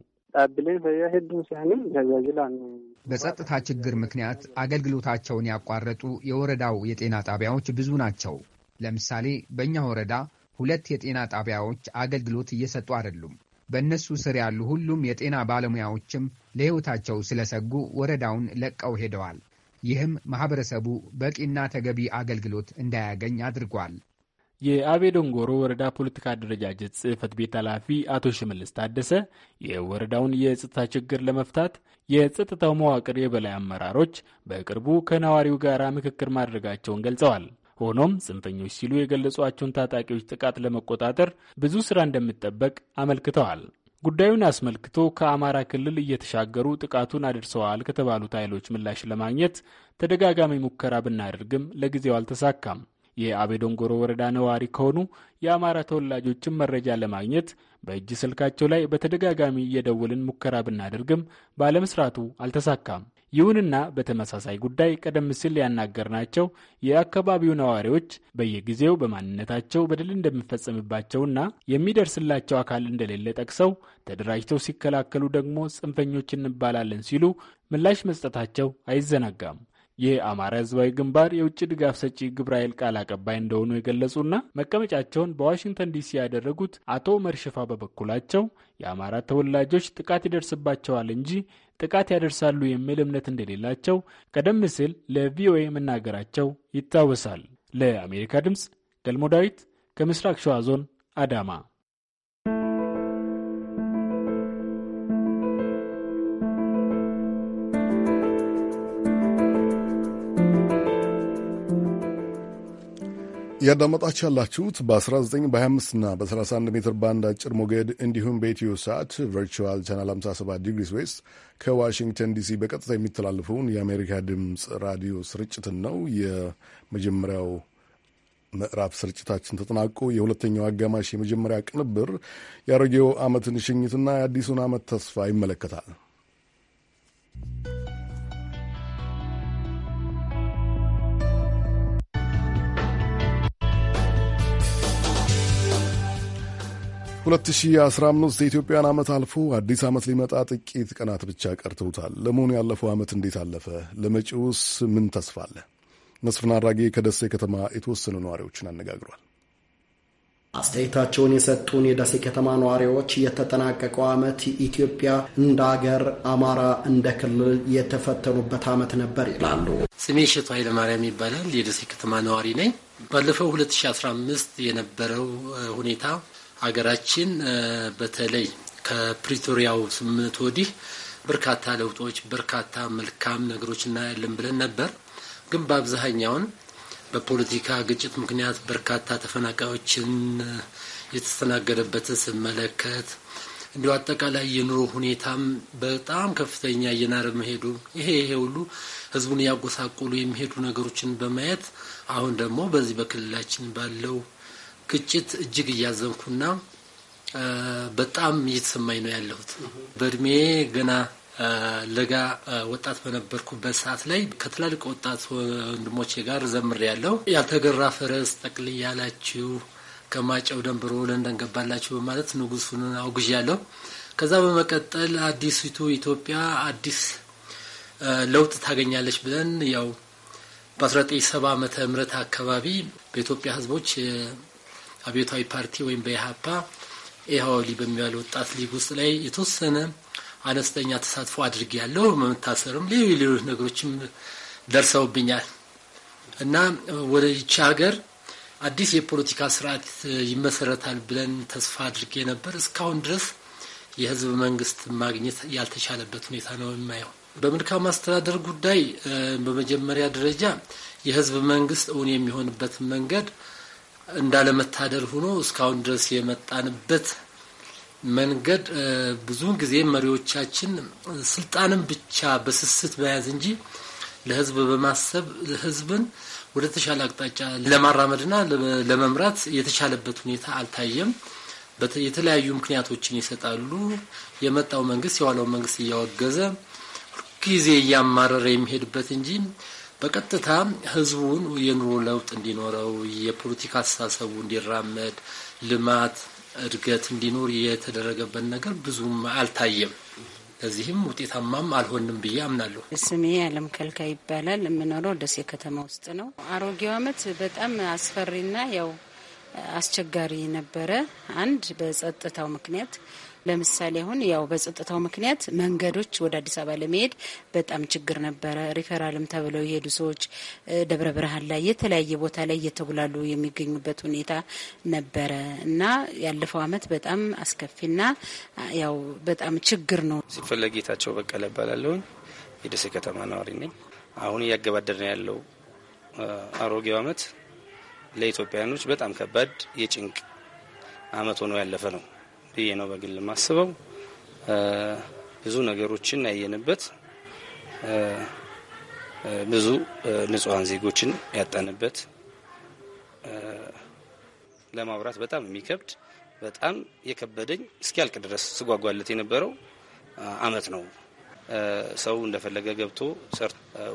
በጸጥታ ችግር ምክንያት አገልግሎታቸውን ያቋረጡ የወረዳው የጤና ጣቢያዎች ብዙ ናቸው። ለምሳሌ በእኛ ወረዳ ሁለት የጤና ጣቢያዎች አገልግሎት እየሰጡ አይደሉም። በእነሱ ስር ያሉ ሁሉም የጤና ባለሙያዎችም ለሕይወታቸው ስለሰጉ ወረዳውን ለቀው ሄደዋል። ይህም ማህበረሰቡ በቂና ተገቢ አገልግሎት እንዳያገኝ አድርጓል። የአቤ ዶንጎሮ ወረዳ ፖለቲካ አደረጃጀት ጽህፈት ቤት ኃላፊ አቶ ሽመልስ ታደሰ የወረዳውን የጸጥታ ችግር ለመፍታት የጸጥታው መዋቅር የበላይ አመራሮች በቅርቡ ከነዋሪው ጋር ምክክር ማድረጋቸውን ገልጸዋል። ሆኖም ጽንፈኞች ሲሉ የገለጿቸውን ታጣቂዎች ጥቃት ለመቆጣጠር ብዙ ስራ እንደሚጠበቅ አመልክተዋል። ጉዳዩን አስመልክቶ ከአማራ ክልል እየተሻገሩ ጥቃቱን አድርሰዋል ከተባሉት ኃይሎች ምላሽ ለማግኘት ተደጋጋሚ ሙከራ ብናደርግም ለጊዜው አልተሳካም። የአቤዶንጎሮ ወረዳ ነዋሪ ከሆኑ የአማራ ተወላጆችን መረጃ ለማግኘት በእጅ ስልካቸው ላይ በተደጋጋሚ እየደወልን ሙከራ ብናደርግም ባለመስራቱ አልተሳካም። ይሁንና በተመሳሳይ ጉዳይ ቀደም ሲል ያናገርናቸው የአካባቢው ነዋሪዎች በየጊዜው በማንነታቸው በደል እንደሚፈጸምባቸውና የሚደርስላቸው አካል እንደሌለ ጠቅሰው ተደራጅተው ሲከላከሉ ደግሞ ጽንፈኞች እንባላለን ሲሉ ምላሽ መስጠታቸው አይዘነጋም። የአማራ ህዝባዊ ግንባር የውጭ ድጋፍ ሰጪ ግብረ ኃይል ቃል አቀባይ እንደሆኑ የገለጹና መቀመጫቸውን በዋሽንግተን ዲሲ ያደረጉት አቶ መርሽፋ በበኩላቸው የአማራ ተወላጆች ጥቃት ይደርስባቸዋል እንጂ ጥቃት ያደርሳሉ የሚል እምነት እንደሌላቸው ቀደም ሲል ለቪኦኤ መናገራቸው ይታወሳል። ለአሜሪካ ድምፅ ገልሞ ዳዊት ከምስራቅ ሸዋ ዞን አዳማ እያዳመጣችሁ ያላችሁት በ19 በ25 እና በ31 ሜትር ባንድ አጭር ሞገድ እንዲሁም በኢትዮ ሰዓት ቨርቹዋል ቻናል 57 ዲግሪስ ዌስት ከዋሽንግተን ዲሲ በቀጥታ የሚተላለፈውን የአሜሪካ ድምፅ ራዲዮ ስርጭትን ነው። የመጀመሪያው ምዕራፍ ስርጭታችን ተጠናቆ የሁለተኛው አጋማሽ የመጀመሪያ ቅንብር የአሮጌው ዓመትን ሽኝትና የአዲሱን ዓመት ተስፋ ይመለከታል። 2015 የኢትዮጵያን ዓመት አልፎ አዲስ ዓመት ሊመጣ ጥቂት ቀናት ብቻ ቀርተውታል። ለመሆኑ ያለፈው ዓመት እንዴት አለፈ? ለመጪውስ ምን ተስፋ አለ? መስፍን አድራጌ ከደሴ ከተማ የተወሰኑ ነዋሪዎችን አነጋግሯል። አስተያየታቸውን የሰጡን የደሴ ከተማ ነዋሪዎች የተጠናቀቀው ዓመት ኢትዮጵያ እንደ አገር፣ አማራ እንደ ክልል የተፈተኑበት ዓመት ነበር ይላሉ። ስሜ ሸቱ ኃይለማርያም ይባላል። የደሴ ከተማ ነዋሪ ነኝ። ባለፈው 2015 የነበረው ሁኔታ አገራችን በተለይ ከፕሪቶሪያው ስምምነት ወዲህ በርካታ ለውጦች በርካታ መልካም ነገሮች እናያለን ብለን ነበር። ግን በአብዛኛውን በፖለቲካ ግጭት ምክንያት በርካታ ተፈናቃዮችን የተስተናገደበትን ስመለከት እንዲሁ አጠቃላይ የኑሮ ሁኔታም በጣም ከፍተኛ እየናረ መሄዱ ይሄ ይሄ ሁሉ ህዝቡን እያጎሳቆሉ የሚሄዱ ነገሮችን በማየት አሁን ደግሞ በዚህ በክልላችን ባለው ግጭት እጅግ እያዘንኩና በጣም እየተሰማኝ ነው ያለሁት። በእድሜ ገና ለጋ ወጣት በነበርኩበት ሰዓት ላይ ከትላልቅ ወጣት ወንድሞቼ ጋር ዘምር ያለው ያልተገራ ፈረስ ጠቅልያ ያላችሁ ከማጨው ደንብሮ ለንደን ገባላችሁ በማለት ንጉሱን አውግዥ ያለው። ከዛ በመቀጠል አዲሲቱ ኢትዮጵያ አዲስ ለውጥ ታገኛለች ብለን ያው በ1970 ዓ ም አካባቢ በኢትዮጵያ ህዝቦች አብዮታዊ ፓርቲ ወይም በኢህአፓ ኢህአወሊ በሚባል ወጣት ሊግ ውስጥ ላይ የተወሰነ አነስተኛ ተሳትፎ አድርግ ያለው በመታሰርም ሌሎች ሌሎች ነገሮችም ደርሰውብኛል እና ወደ ይቺ ሀገር አዲስ የፖለቲካ ስርዓት ይመሰረታል ብለን ተስፋ አድርጌ ነበር። እስካሁን ድረስ የህዝብ መንግስት ማግኘት ያልተቻለበት ሁኔታ ነው የማየው። በመልካም አስተዳደር ጉዳይ በመጀመሪያ ደረጃ የህዝብ መንግስት እውን የሚሆንበት መንገድ እንዳለመታደል ሆኖ እስካሁን ድረስ የመጣንበት መንገድ ብዙውን ጊዜ መሪዎቻችን ስልጣንን ብቻ በስስት መያዝ እንጂ ለህዝብ በማሰብ ህዝብን ወደ ተሻለ አቅጣጫ ለማራመድና ለመምራት የተቻለበት ሁኔታ አልታየም። የተለያዩ ምክንያቶችን ይሰጣሉ። የመጣው መንግስት የኋላው መንግስት እያወገዘ ሁልጊዜ እያማረረ የሚሄድበት እንጂ በቀጥታ ህዝቡን የኑሮ ለውጥ እንዲኖረው የፖለቲካ አስተሳሰቡ እንዲራመድ ልማት እድገት እንዲኖር የተደረገበት ነገር ብዙም አልታየም። ለዚህም ውጤታማም አልሆንም ብዬ አምናለሁ። ስሜ አለም ከልካ ይባላል። የምኖረው ደሴ ከተማ ውስጥ ነው። አሮጌው ዓመት በጣም አስፈሪና ያው አስቸጋሪ ነበረ። አንድ በጸጥታው ምክንያት ለምሳሌ አሁን ያው በጸጥታው ምክንያት መንገዶች ወደ አዲስ አበባ ለመሄድ በጣም ችግር ነበረ። ሪፈራልም ተብለው የሄዱ ሰዎች ደብረ ብርሃን ላይ የተለያየ ቦታ ላይ እየተጉላሉ የሚገኙበት ሁኔታ ነበረ እና ያለፈው አመት በጣም አስከፊና ያው በጣም ችግር ነው። ሲፈለግ ጌታቸው በቀለ እባላለሁኝ። የደሴ ከተማ ነዋሪ ነኝ። አሁን እያገባደር ነው ያለው አሮጌው አመት ለኢትዮጵያውያኖች በጣም ከባድ የጭንቅ አመት ሆኖ ያለፈ ነው። ብዬ ነው በግል የማስበው። ብዙ ነገሮችን ያየንበት ብዙ ንጹሐን ዜጎችን ያጣንበት ለማውራት በጣም የሚከብድ በጣም የከበደኝ እስኪያልቅ ድረስ ስጓጓለት የነበረው አመት ነው። ሰው እንደፈለገ ገብቶ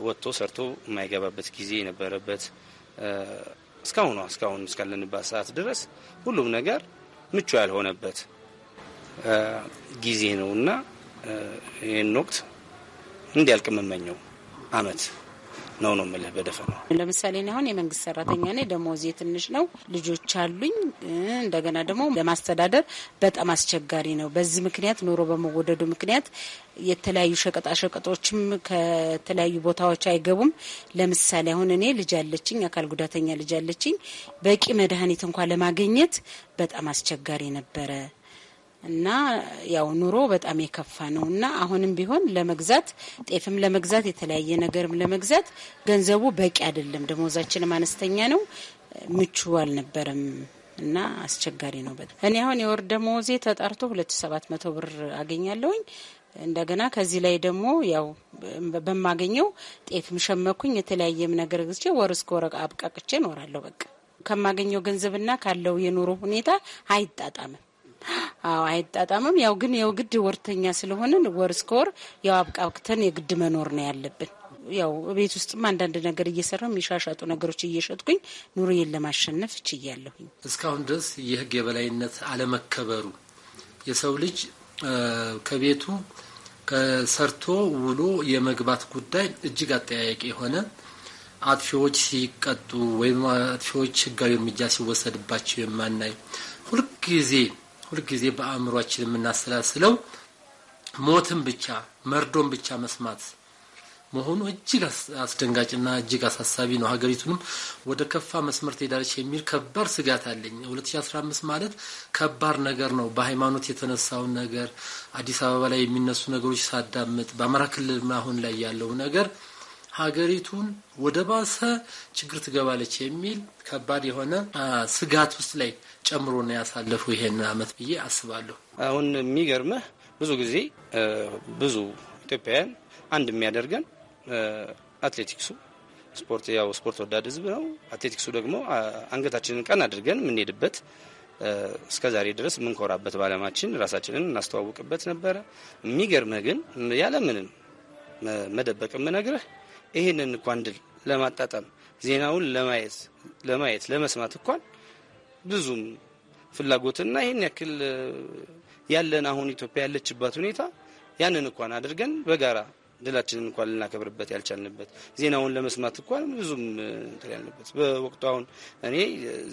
ወጥቶ ሰርቶ የማይገባበት ጊዜ የነበረበት እስካሁኗ እስካሁን እስካለንባት ሰዓት ድረስ ሁሉም ነገር ምቹ ያልሆነበት ጊዜ ነው እና ይህን ወቅት እንዲያልቅ የምመኘው አመት ነው ነው የምልህ። በደፈ ነው ለምሳሌ እኔ አሁን የመንግስት ሰራተኛ ነኝ። ደሞዜ ትንሽ ነው። ልጆች አሉኝ። እንደገና ደግሞ ለማስተዳደር በጣም አስቸጋሪ ነው። በዚህ ምክንያት ኑሮ በመወደዱ ምክንያት የተለያዩ ሸቀጣሸቀጦችም ከተለያዩ ቦታዎች አይገቡም። ለምሳሌ አሁን እኔ ልጅ አለችኝ፣ አካል ጉዳተኛ ልጅ አለችኝ። በቂ መድኃኒት እንኳን ለማግኘት በጣም አስቸጋሪ ነበረ። እና ያው ኑሮ በጣም የከፋ ነው እና አሁንም ቢሆን ለመግዛት ጤፍም ለመግዛት የተለያየ ነገርም ለመግዛት ገንዘቡ በቂ አይደለም። ደሞዛችንም አነስተኛ ነው፣ ምቹ አልነበረም እና አስቸጋሪ ነው በጣም። እኔ አሁን የወር ደሞዜ ተጣርቶ ሁለት ሰባት መቶ ብር አገኛለሁኝ። እንደገና ከዚህ ላይ ደግሞ ያው በማገኘው ጤፍም ሸመኩኝ፣ የተለያየም ነገር ግዝቼ ወር እስከ ወር አብቃቅቼ እኖራለሁ። በቃ ከማገኘው ገንዘብና ካለው የኑሮ ሁኔታ አይጣጣምም። አዎ አይጣጣምም። ያው ግን የው ግድ ወርተኛ ስለሆነን ወር እስከ ወር ያው አብቃብክተን የግድ መኖር ነው ያለብን። ያው ቤት ውስጥም አንዳንድ ነገር እየሰራም የሻሻጡ ነገሮች እየሸጥኩኝ ኑሮዬን ለማሸነፍ እችያለሁኝ። እስካሁን ድረስ የህግ የበላይነት አለመከበሩ የሰው ልጅ ከቤቱ ከሰርቶ ውሎ የመግባት ጉዳይ እጅግ አጠያያቂ የሆነ አጥፊዎች ሲቀጡ ወይም አጥፊዎች ህጋዊ እርምጃ ሲወሰድባቸው የማናይ ሁልጊዜ ሁልጊዜ በአእምሯችን የምናሰላስለው ሞትን ብቻ መርዶን ብቻ መስማት መሆኑ እጅግ አስደንጋጭና እጅግ አሳሳቢ ነው። ሀገሪቱንም ወደ ከፋ መስመር ትሄዳለች የሚል ከባድ ስጋት አለኝ። 2015 ማለት ከባድ ነገር ነው። በሃይማኖት የተነሳውን ነገር አዲስ አበባ ላይ የሚነሱ ነገሮች ሳዳምጥ፣ በአማራ ክልል አሁን ላይ ያለው ነገር ሀገሪቱን ወደ ባሰ ችግር ትገባለች የሚል ከባድ የሆነ ስጋት ውስጥ ላይ ጨምሮ ነው ያሳለፉ ይሄን አመት ብዬ አስባለሁ። አሁን የሚገርምህ ብዙ ጊዜ ብዙ ኢትዮጵያውያን አንድ የሚያደርገን አትሌቲክሱ ስፖርት ያው ስፖርት ወዳድ ህዝብ ነው። አትሌቲክሱ ደግሞ አንገታችንን ቀን አድርገን የምንሄድበት እስከ ዛሬ ድረስ የምንኮራበት በዓለማችን ራሳችንን እናስተዋውቅበት ነበረ። የሚገርምህ ግን ያለምንም መደበቅ የምነግርህ ይህንን እንኳን ድል ለማጣጣም ዜናውን ለማየት ለመስማት እንኳን ብዙም ፍላጎትና ይህን ያክል ያለን አሁን ኢትዮጵያ ያለችባት ሁኔታ ያንን እንኳን አድርገን በጋራ ድላችንን እንኳን ልናከብርበት ያልቻልንበት ዜናውን ለመስማት እንኳን ብዙም እንትን ያልንበት በወቅቱ አሁን እኔ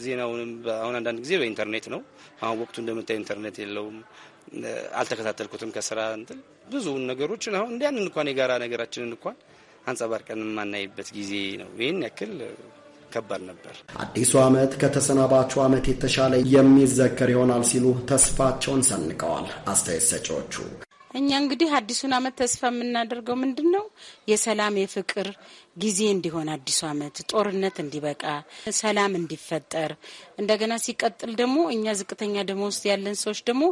ዜናውንም አሁን አንዳንድ ጊዜ በኢንተርኔት ነው። አሁን ወቅቱ እንደምታይ ኢንተርኔት የለውም፣ አልተከታተልኩትም ከስራ እንትን ብዙውን ነገሮችን አሁን እንዲያንን እንኳን የጋራ ነገራችንን እንኳን አንጸባርቀን የማናይበት ጊዜ ነው። ይህን ያክል ከባድ ነበር። አዲሱ ዓመት ከተሰናባቸው ዓመት የተሻለ የሚዘከር ይሆናል ሲሉ ተስፋቸውን ሰንቀዋል አስተያየት ሰጪዎቹ። እኛ እንግዲህ አዲሱን አመት ተስፋ የምናደርገው ምንድን ነው? የሰላም የፍቅር ጊዜ እንዲሆን አዲሱ አመት ጦርነት እንዲበቃ፣ ሰላም እንዲፈጠር እንደገና ሲቀጥል ደግሞ እኛ ዝቅተኛ ደሞዝ ያለን ሰዎች ደግሞ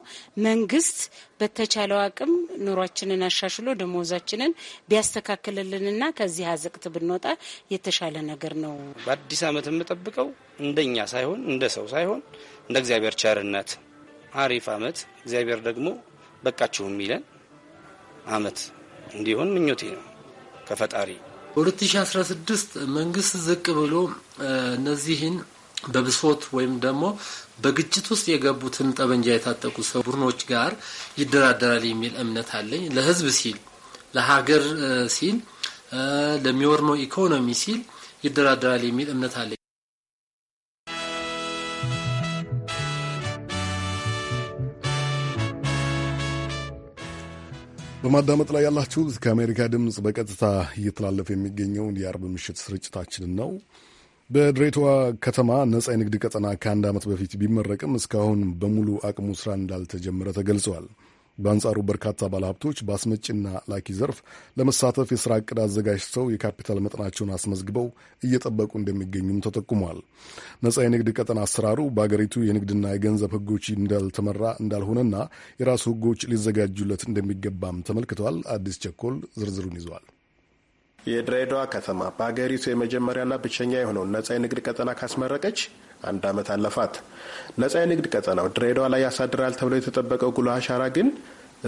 መንግስት በተቻለው አቅም ኑሯችንን አሻሽሎ ደሞዛችንን ቢያስተካክልልንና ከዚህ አዘቅት ብንወጣ የተሻለ ነገር ነው። በአዲስ አመት የምጠብቀው እንደኛ ሳይሆን እንደ ሰው ሳይሆን እንደ እግዚአብሔር ቸርነት አሪፍ አመት እግዚአብሔር ደግሞ በቃችሁ የሚለን አመት እንዲሆን ምኞቴ ነው ከፈጣሪ። 2016 መንግስት ዝቅ ብሎ እነዚህን በብሶት ወይም ደግሞ በግጭት ውስጥ የገቡትን ጠመንጃ የታጠቁ ሰው ቡድኖች ጋር ይደራደራል የሚል እምነት አለኝ። ለህዝብ ሲል፣ ለሀገር ሲል፣ ለሚወርነው ኢኮኖሚ ሲል ይደራደራል የሚል እምነት አለኝ። በማዳመጥ ላይ ያላችሁት ከአሜሪካ ድምፅ በቀጥታ እየተላለፈ የሚገኘውን የአርብ ምሽት ስርጭታችንን ነው። በድሬዳዋ ከተማ ነጻ የንግድ ቀጠና ከአንድ ዓመት በፊት ቢመረቅም እስካሁን በሙሉ አቅሙ ስራ እንዳልተጀመረ ተገልጸዋል። በአንጻሩ በርካታ ባለሀብቶች በአስመጭና ላኪ ዘርፍ ለመሳተፍ የስራ ዕቅድ አዘጋጅተው የካፒታል መጠናቸውን አስመዝግበው እየጠበቁ እንደሚገኙም ተጠቁሟል። ነጻ የንግድ ቀጠና አሰራሩ በአገሪቱ የንግድና የገንዘብ ህጎች እንዳልተመራ እንዳልሆነና የራሱ ህጎች ሊዘጋጁለት እንደሚገባም ተመልክተዋል። አዲስ ቸኮል ዝርዝሩን ይዘዋል። የድሬዳዋ ከተማ በአገሪቱ የመጀመሪያና ብቸኛ የሆነውን ነጻ የንግድ ቀጠና ካስመረቀች አንድ ዓመት አለፋት። ነጻ የንግድ ቀጠናው ድሬዳዋ ላይ ያሳድራል ተብሎ የተጠበቀው ጉልህ አሻራ ግን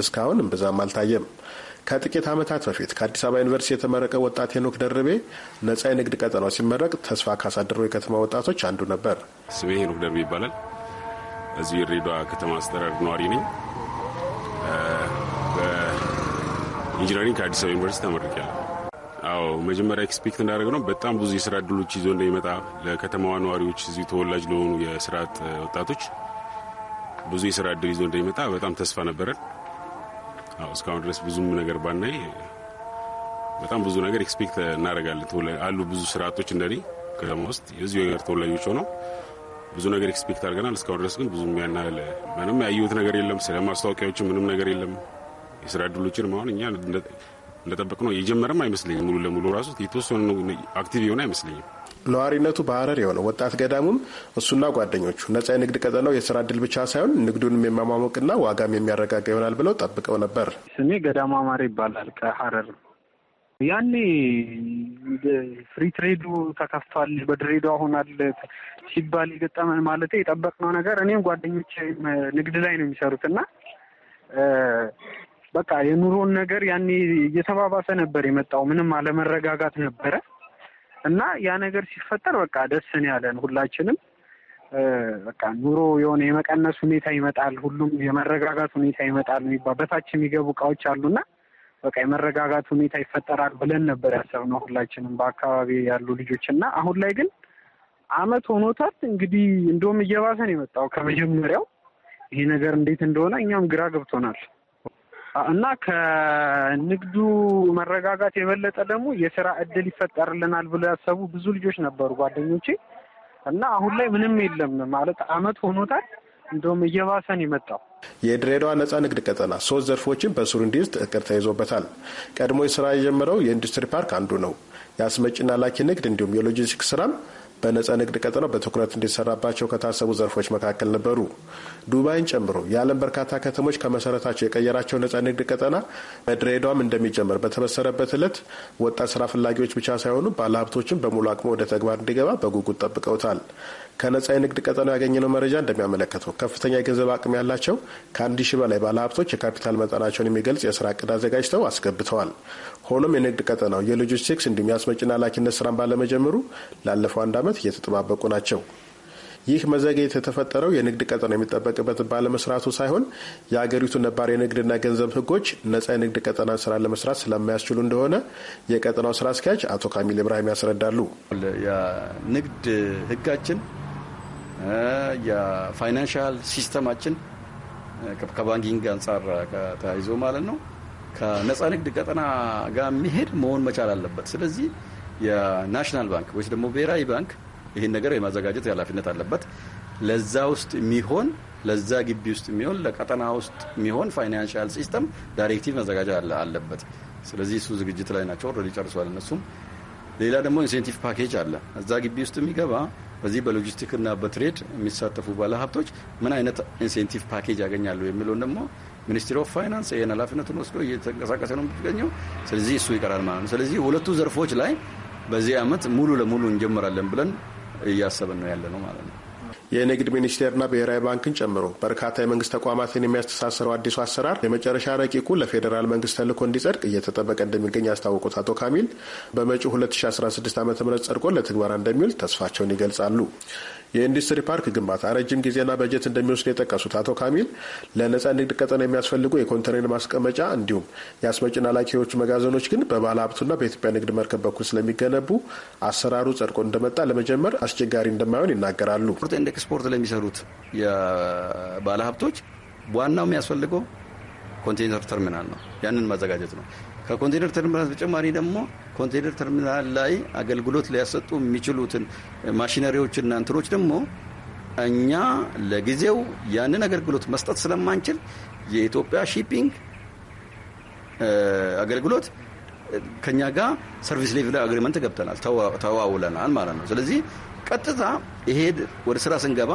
እስካሁን እምብዛም አልታየም። ከጥቂት ዓመታት በፊት ከአዲስ አበባ ዩኒቨርሲቲ የተመረቀ ወጣት ሄኖክ ደርቤ ነጻ የንግድ ቀጠናው ሲመረቅ ተስፋ ካሳደሩ የከተማ ወጣቶች አንዱ ነበር። ስሜ ሄኖክ ደርቤ ይባላል። እዚህ የድሬዳዋ ከተማ አስተዳደር ነዋሪ ነኝ። በኢንጂነሪንግ ከአዲስ አበባ ዩኒቨርሲቲ ተመርቄያለሁ። አዎ መጀመሪያ ኤክስፔክት እንዳደረግ ነው በጣም ብዙ የስራ እድሎች ይዞ እንደሚመጣ ለከተማዋ ነዋሪዎች፣ እዚህ ተወላጅ ለሆኑ የስርዓት ወጣቶች ብዙ የስራ እድል ይዞ እንደሚመጣ በጣም ተስፋ ነበረን። አዎ እስካሁን ድረስ ብዙም ነገር ባናይ በጣም ብዙ ነገር ኤክስፔክት እናደርጋለን። አሉ ብዙ ስርዓቶች እንደኔ ከተማ ውስጥ የዚሁ የሀገር ተወላጆች ሆነው ብዙ ነገር ኤክስፔክት አድርገናል። እስካሁን ድረስ ግን ብዙም ያናል ምንም ያየሁት ነገር የለም። ስለ ማስታወቂያዎችም ምንም ነገር የለም። የስራ እድሎችን አሁን እኛ እንደጠበቅ ነው የጀመረም አይመስለኝም። ሙሉ ለሙሉ ራሱ የተወሰኑ አክቲቭ የሆነ አይመስለኝም። ነዋሪነቱ በሀረር የሆነው ወጣት ገዳሙም እሱና ጓደኞቹ ነጻ የንግድ ቀጠናው የስራ እድል ብቻ ሳይሆን ንግዱንም የሚያሟሞቅና ዋጋም የሚያረጋጋ ይሆናል ብለው ጠብቀው ነበር። ስሜ ገዳሙ አማሪ ይባላል። ከሀረር ያኔ ፍሪ ትሬዱ ተከፍቷል፣ በድሬዳዋ ሆኗል ሲባል የገጠመን ማለት የጠበቅነው ነገር እኔም ጓደኞች ንግድ ላይ ነው የሚሰሩት እና በቃ የኑሮን ነገር ያኔ እየተባባሰ ነበር የመጣው። ምንም አለመረጋጋት ነበረ እና ያ ነገር ሲፈጠር በቃ ደስን ያለን ሁላችንም። በቃ ኑሮ የሆነ የመቀነስ ሁኔታ ይመጣል፣ ሁሉም የመረጋጋት ሁኔታ ይመጣል የሚባል በታች የሚገቡ እቃዎች አሉና በቃ የመረጋጋት ሁኔታ ይፈጠራል ብለን ነበር ያሰብነው ሁላችንም በአካባቢ ያሉ ልጆች እና አሁን ላይ ግን አመት ሆኖታት እንግዲህ እንደውም እየባሰን የመጣው ከመጀመሪያው ይሄ ነገር እንዴት እንደሆነ እኛም ግራ ገብቶናል። እና ከንግዱ መረጋጋት የበለጠ ደግሞ የስራ እድል ይፈጠርልናል ብሎ ያሰቡ ብዙ ልጆች ነበሩ ጓደኞቼ። እና አሁን ላይ ምንም የለም ማለት አመት ሆኖታል። እንደውም እየባሰን የመጣው የድሬዳዋ ነጻ ንግድ ቀጠና ሶስት ዘርፎችን በስሩ እንዲይዝ እቅድ ተይዞበታል። ቀድሞ ስራ የጀመረው የኢንዱስትሪ ፓርክ አንዱ ነው። የአስመጭና ላኪ ንግድ እንዲሁም የሎጂስቲክስ ስራም በነጻ ንግድ ቀጠናው በትኩረት እንዲሰራባቸው ከታሰቡ ዘርፎች መካከል ነበሩ። ዱባይን ጨምሮ የዓለም በርካታ ከተሞች ከመሰረታቸው የቀየራቸው ነጻ ንግድ ቀጠና በድሬዳዋም እንደሚጀምር በተበሰረበት እለት ወጣት ስራ ፈላጊዎች ብቻ ሳይሆኑ ባለሀብቶችም በሙሉ አቅሙ ወደ ተግባር እንዲገባ በጉጉት ጠብቀውታል። ከነጻ የንግድ ቀጠናው ያገኘነው መረጃ እንደሚያመለከተው ከፍተኛ የገንዘብ አቅም ያላቸው ከአንድ ሺህ በላይ ባለሀብቶች የካፒታል መጠናቸውን የሚገልጽ የስራ እቅድ አዘጋጅተው አስገብተዋል። ሆኖም የንግድ ቀጠናው የሎጂስቲክስ እንዲሁም የአስመጭና ላኪነት ስራን ባለመጀመሩ ላለፈው አንድ ዓመት እየተጠባበቁ ናቸው። ይህ መዘግየት የተፈጠረው የንግድ ቀጠና የሚጠበቅበት ባለመስራቱ ሳይሆን የአገሪቱ ነባር የንግድና ገንዘብ ህጎች ነጻ የንግድ ቀጠና ስራ ለመስራት ስለማያስችሉ እንደሆነ የቀጠናው ስራ አስኪያጅ አቶ ካሚል ኢብራሂም ያስረዳሉ። የንግድ ህጋችን፣ የፋይናንሻል ሲስተማችን ከባንኪንግ አንጻር ተያይዞ ማለት ነው ከነጻ ንግድ ቀጠና ጋር የሚሄድ መሆን መቻል አለበት። ስለዚህ የናሽናል ባንክ ወይ ደግሞ ብሔራዊ ባንክ ይህን ነገር የማዘጋጀት ኃላፊነት አለበት። ለዛ ውስጥ የሚሆን ለዛ ግቢ ውስጥ የሚሆን ለቀጠና ውስጥ የሚሆን ፋይናንሽል ሲስተም ዳይሬክቲቭ መዘጋጀት አለበት። ስለዚህ እሱ ዝግጅት ላይ ናቸው። ኦልሬዲ ጨርሷል እነሱም። ሌላ ደግሞ ኢንሴንቲቭ ፓኬጅ አለ። እዛ ግቢ ውስጥ የሚገባ በዚህ በሎጂስቲክና በትሬድ የሚሳተፉ ባለሀብቶች ምን አይነት ኢንሴንቲቭ ፓኬጅ ያገኛሉ የሚለውን ደግሞ ሚኒስትሪ ኦፍ ፋይናንስ ይህን ኃላፊነቱን ወስዶ እየተንቀሳቀሰ ነው የምትገኘው። ስለዚህ እሱ ይቀራል ማለት ነው። ስለዚህ ሁለቱ ዘርፎች ላይ በዚህ አመት ሙሉ ለሙሉ እንጀምራለን ብለን እያሰብን ነው ያለ ነው ማለት ነው። የንግድ ሚኒስቴርና ብሔራዊ ባንክን ጨምሮ በርካታ የመንግስት ተቋማትን የሚያስተሳስረው አዲሱ አሰራር የመጨረሻ ረቂቁ ለፌዴራል መንግስት ተልኮ እንዲጸድቅ እየተጠበቀ እንደሚገኝ ያስታወቁት አቶ ካሚል በመጪው 2016 ዓ ም ጸድቆ ለትግበራ እንደሚውል ተስፋቸውን ይገልጻሉ። የኢንዱስትሪ ፓርክ ግንባታ ረጅም ጊዜና በጀት እንደሚወስድ የጠቀሱት አቶ ካሚል ለነጻ ንግድ ቀጠና የሚያስፈልጉ የኮንቴነር ማስቀመጫ እንዲሁም የአስመጭና ላኪዎች መጋዘኖች ግን በባለ ሀብቱና በኢትዮጵያ ንግድ መርከብ በኩል ስለሚገነቡ አሰራሩ ጸድቆ እንደመጣ ለመጀመር አስቸጋሪ እንደማይሆን ይናገራሉ። ኤክስፖርት ለሚሰሩት ሀብቶች ዋናው የሚያስፈልገው ኮንቴነር ተርሚናል ነው። ያንን ማዘጋጀት ነው። ከኮንቴነር ተርሚናል በተጨማሪ ደግሞ ኮንቴነር ተርሚናል ላይ አገልግሎት ሊያሰጡ የሚችሉትን ማሽነሪዎችና እንትኖች ደግሞ እኛ ለጊዜው ያንን አገልግሎት መስጠት ስለማንችል የኢትዮጵያ ሺፒንግ አገልግሎት ከኛ ጋር ሰርቪስ ሌቭል አግሪመንት ገብተናል፣ ተዋውለናል ማለት ነው። ስለዚህ ቀጥታ ይሄድ ወደ ስራ ስንገባ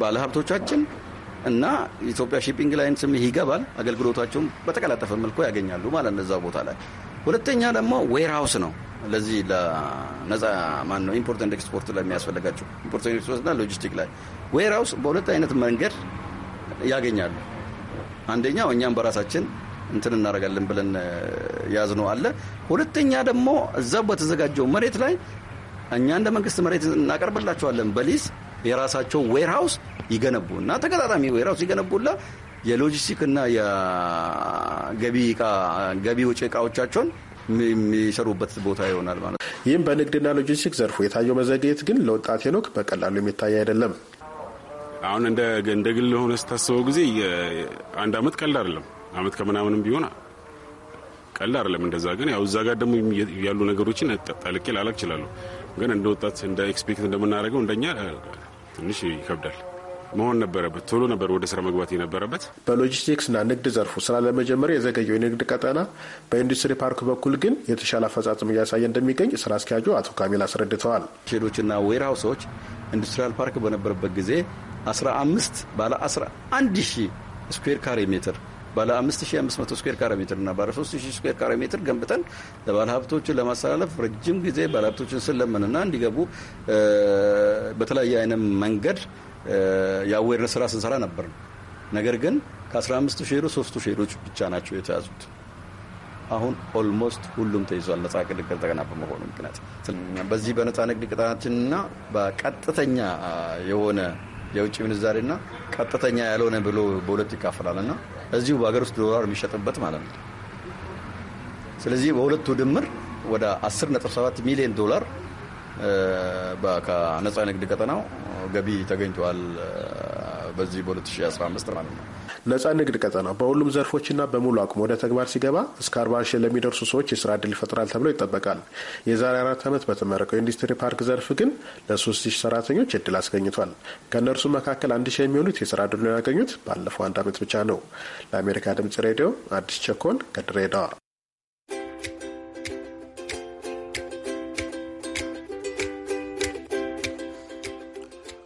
ባለሀብቶቻችን እና ኢትዮጵያ ሺፒንግ ላይን ስም ይገባል። አገልግሎታቸውን በተቀላጠፈ መልኩ ያገኛሉ ማለት ነው ቦታ ላይ። ሁለተኛ ደግሞ ዌርሃውስ ነው ለዚህ ለነጻ ማን ነው ኢምፖርት ኤንድ ኤክስፖርት ላይ ኢምፖርት ኤንድ ኤክስፖርት እና ሎጂስቲክ ላይ ዌርሃውስ በሁለት አይነት መንገድ ያገኛሉ። አንደኛው እኛም በራሳችን እንትን እናደርጋለን ብለን ያዝነው አለ። ሁለተኛ ደግሞ እዛ በተዘጋጀው መሬት ላይ እኛ እንደ መንግስት መሬት እናቀርብላቸዋለን በሊዝ የራሳቸው ዌርሃውስ ይገነቡ እና ተገጣጣሚ ዌርሃውስ ይገነቡላ የሎጂስቲክ እና የገቢ ገቢ ወጪ እቃዎቻቸውን የሚሰሩበት ቦታ ይሆናል ማለት ነው። ይህም በንግድና ሎጂስቲክ ዘርፉ የታየው መዘግየት ግን ለወጣት ሄኖክ በቀላሉ የሚታይ አይደለም። አሁን እንደ ግል ለሆነ ስታስበው ጊዜ አንድ አመት ቀልድ አይደለም። አመት ከምናምንም ቢሆን ቀልድ አይደለም። እንደዛ ግን ያው እዛ ጋር ደግሞ ያሉ ነገሮችን ጠልቄ ላላክ እችላለሁ። ግን እንደ ወጣት እንደ ኤክስፔክት እንደምናደርገው እንደኛ ትንሽ ይከብዳል መሆን ነበረበት። ቶሎ ነበር ወደ ስራ መግባት የነበረበት። በሎጂስቲክስና ንግድ ዘርፉ ስራ ለመጀመር የዘገየው የንግድ ቀጠና በኢንዱስትሪ ፓርክ በኩል ግን የተሻለ አፈጻጽም እያሳየ እንደሚገኝ ስራ አስኪያጁ አቶ ካሚል አስረድተዋል። ሼዶችና ዌርሃውሶች ኢንዱስትሪያል ፓርክ በነበረበት ጊዜ 15 ባለ 11 ሺህ ስኩዌር ካሬ ሜትር ባለ 5500 ስኩዌር ካሬ ሜትር እና ባለ 3000 ስኩዌር ካሬ ሜትር ገንብተን ለባለ ለማስተላለፍ ረጅም ጊዜ ባለ ስለመን እና እንዲገቡ በተለያየ አይነት መንገድ የአዌርነስ ስራ ስንሰራ ነበር። ነገር ግን ከ15 ሼሮ ሶስቱ ሼሮች ብቻ ናቸው የተያዙት። አሁን ኦልሞስት ሁሉም ተይዟል። ነጻ ንግድ ቀጠና በመሆኑ ምክንያት በዚህ በነጻ ንግድ ቀጠናችንና በቀጥተኛ የሆነ የውጭ ምንዛሬና ቀጥተኛ ያልሆነ ብሎ በሁለት ይካፈላል እና እዚሁ በሀገር ውስጥ ዶላር የሚሸጥበት ማለት ነው። ስለዚህ በሁለቱ ድምር ወደ 17 ሚሊዮን ዶላር ከነፃ ንግድ ቀጠናው ገቢ ተገኝተዋል በዚህ በ2015 ማለት ነው። ነጻ ንግድ ቀጠና በሁሉም ዘርፎችና በሙሉ አቅሙ ወደ ተግባር ሲገባ እስከ አርባ ሺህ ለሚደርሱ ሰዎች የስራ እድል ይፈጥራል ተብሎ ይጠበቃል። የዛሬ አራት ዓመት በተመረቀው ኢንዱስትሪ ፓርክ ዘርፍ ግን ለሶስት ሺህ ሰራተኞች እድል አስገኝቷል። ከእነርሱ መካከል አንድ ሺህ የሚሆኑት የስራ እድሉን ያገኙት ባለፈው አንድ ዓመት ብቻ ነው። ለአሜሪካ ድምጽ ሬዲዮ አዲስ ቸኮል ከድሬዳዋ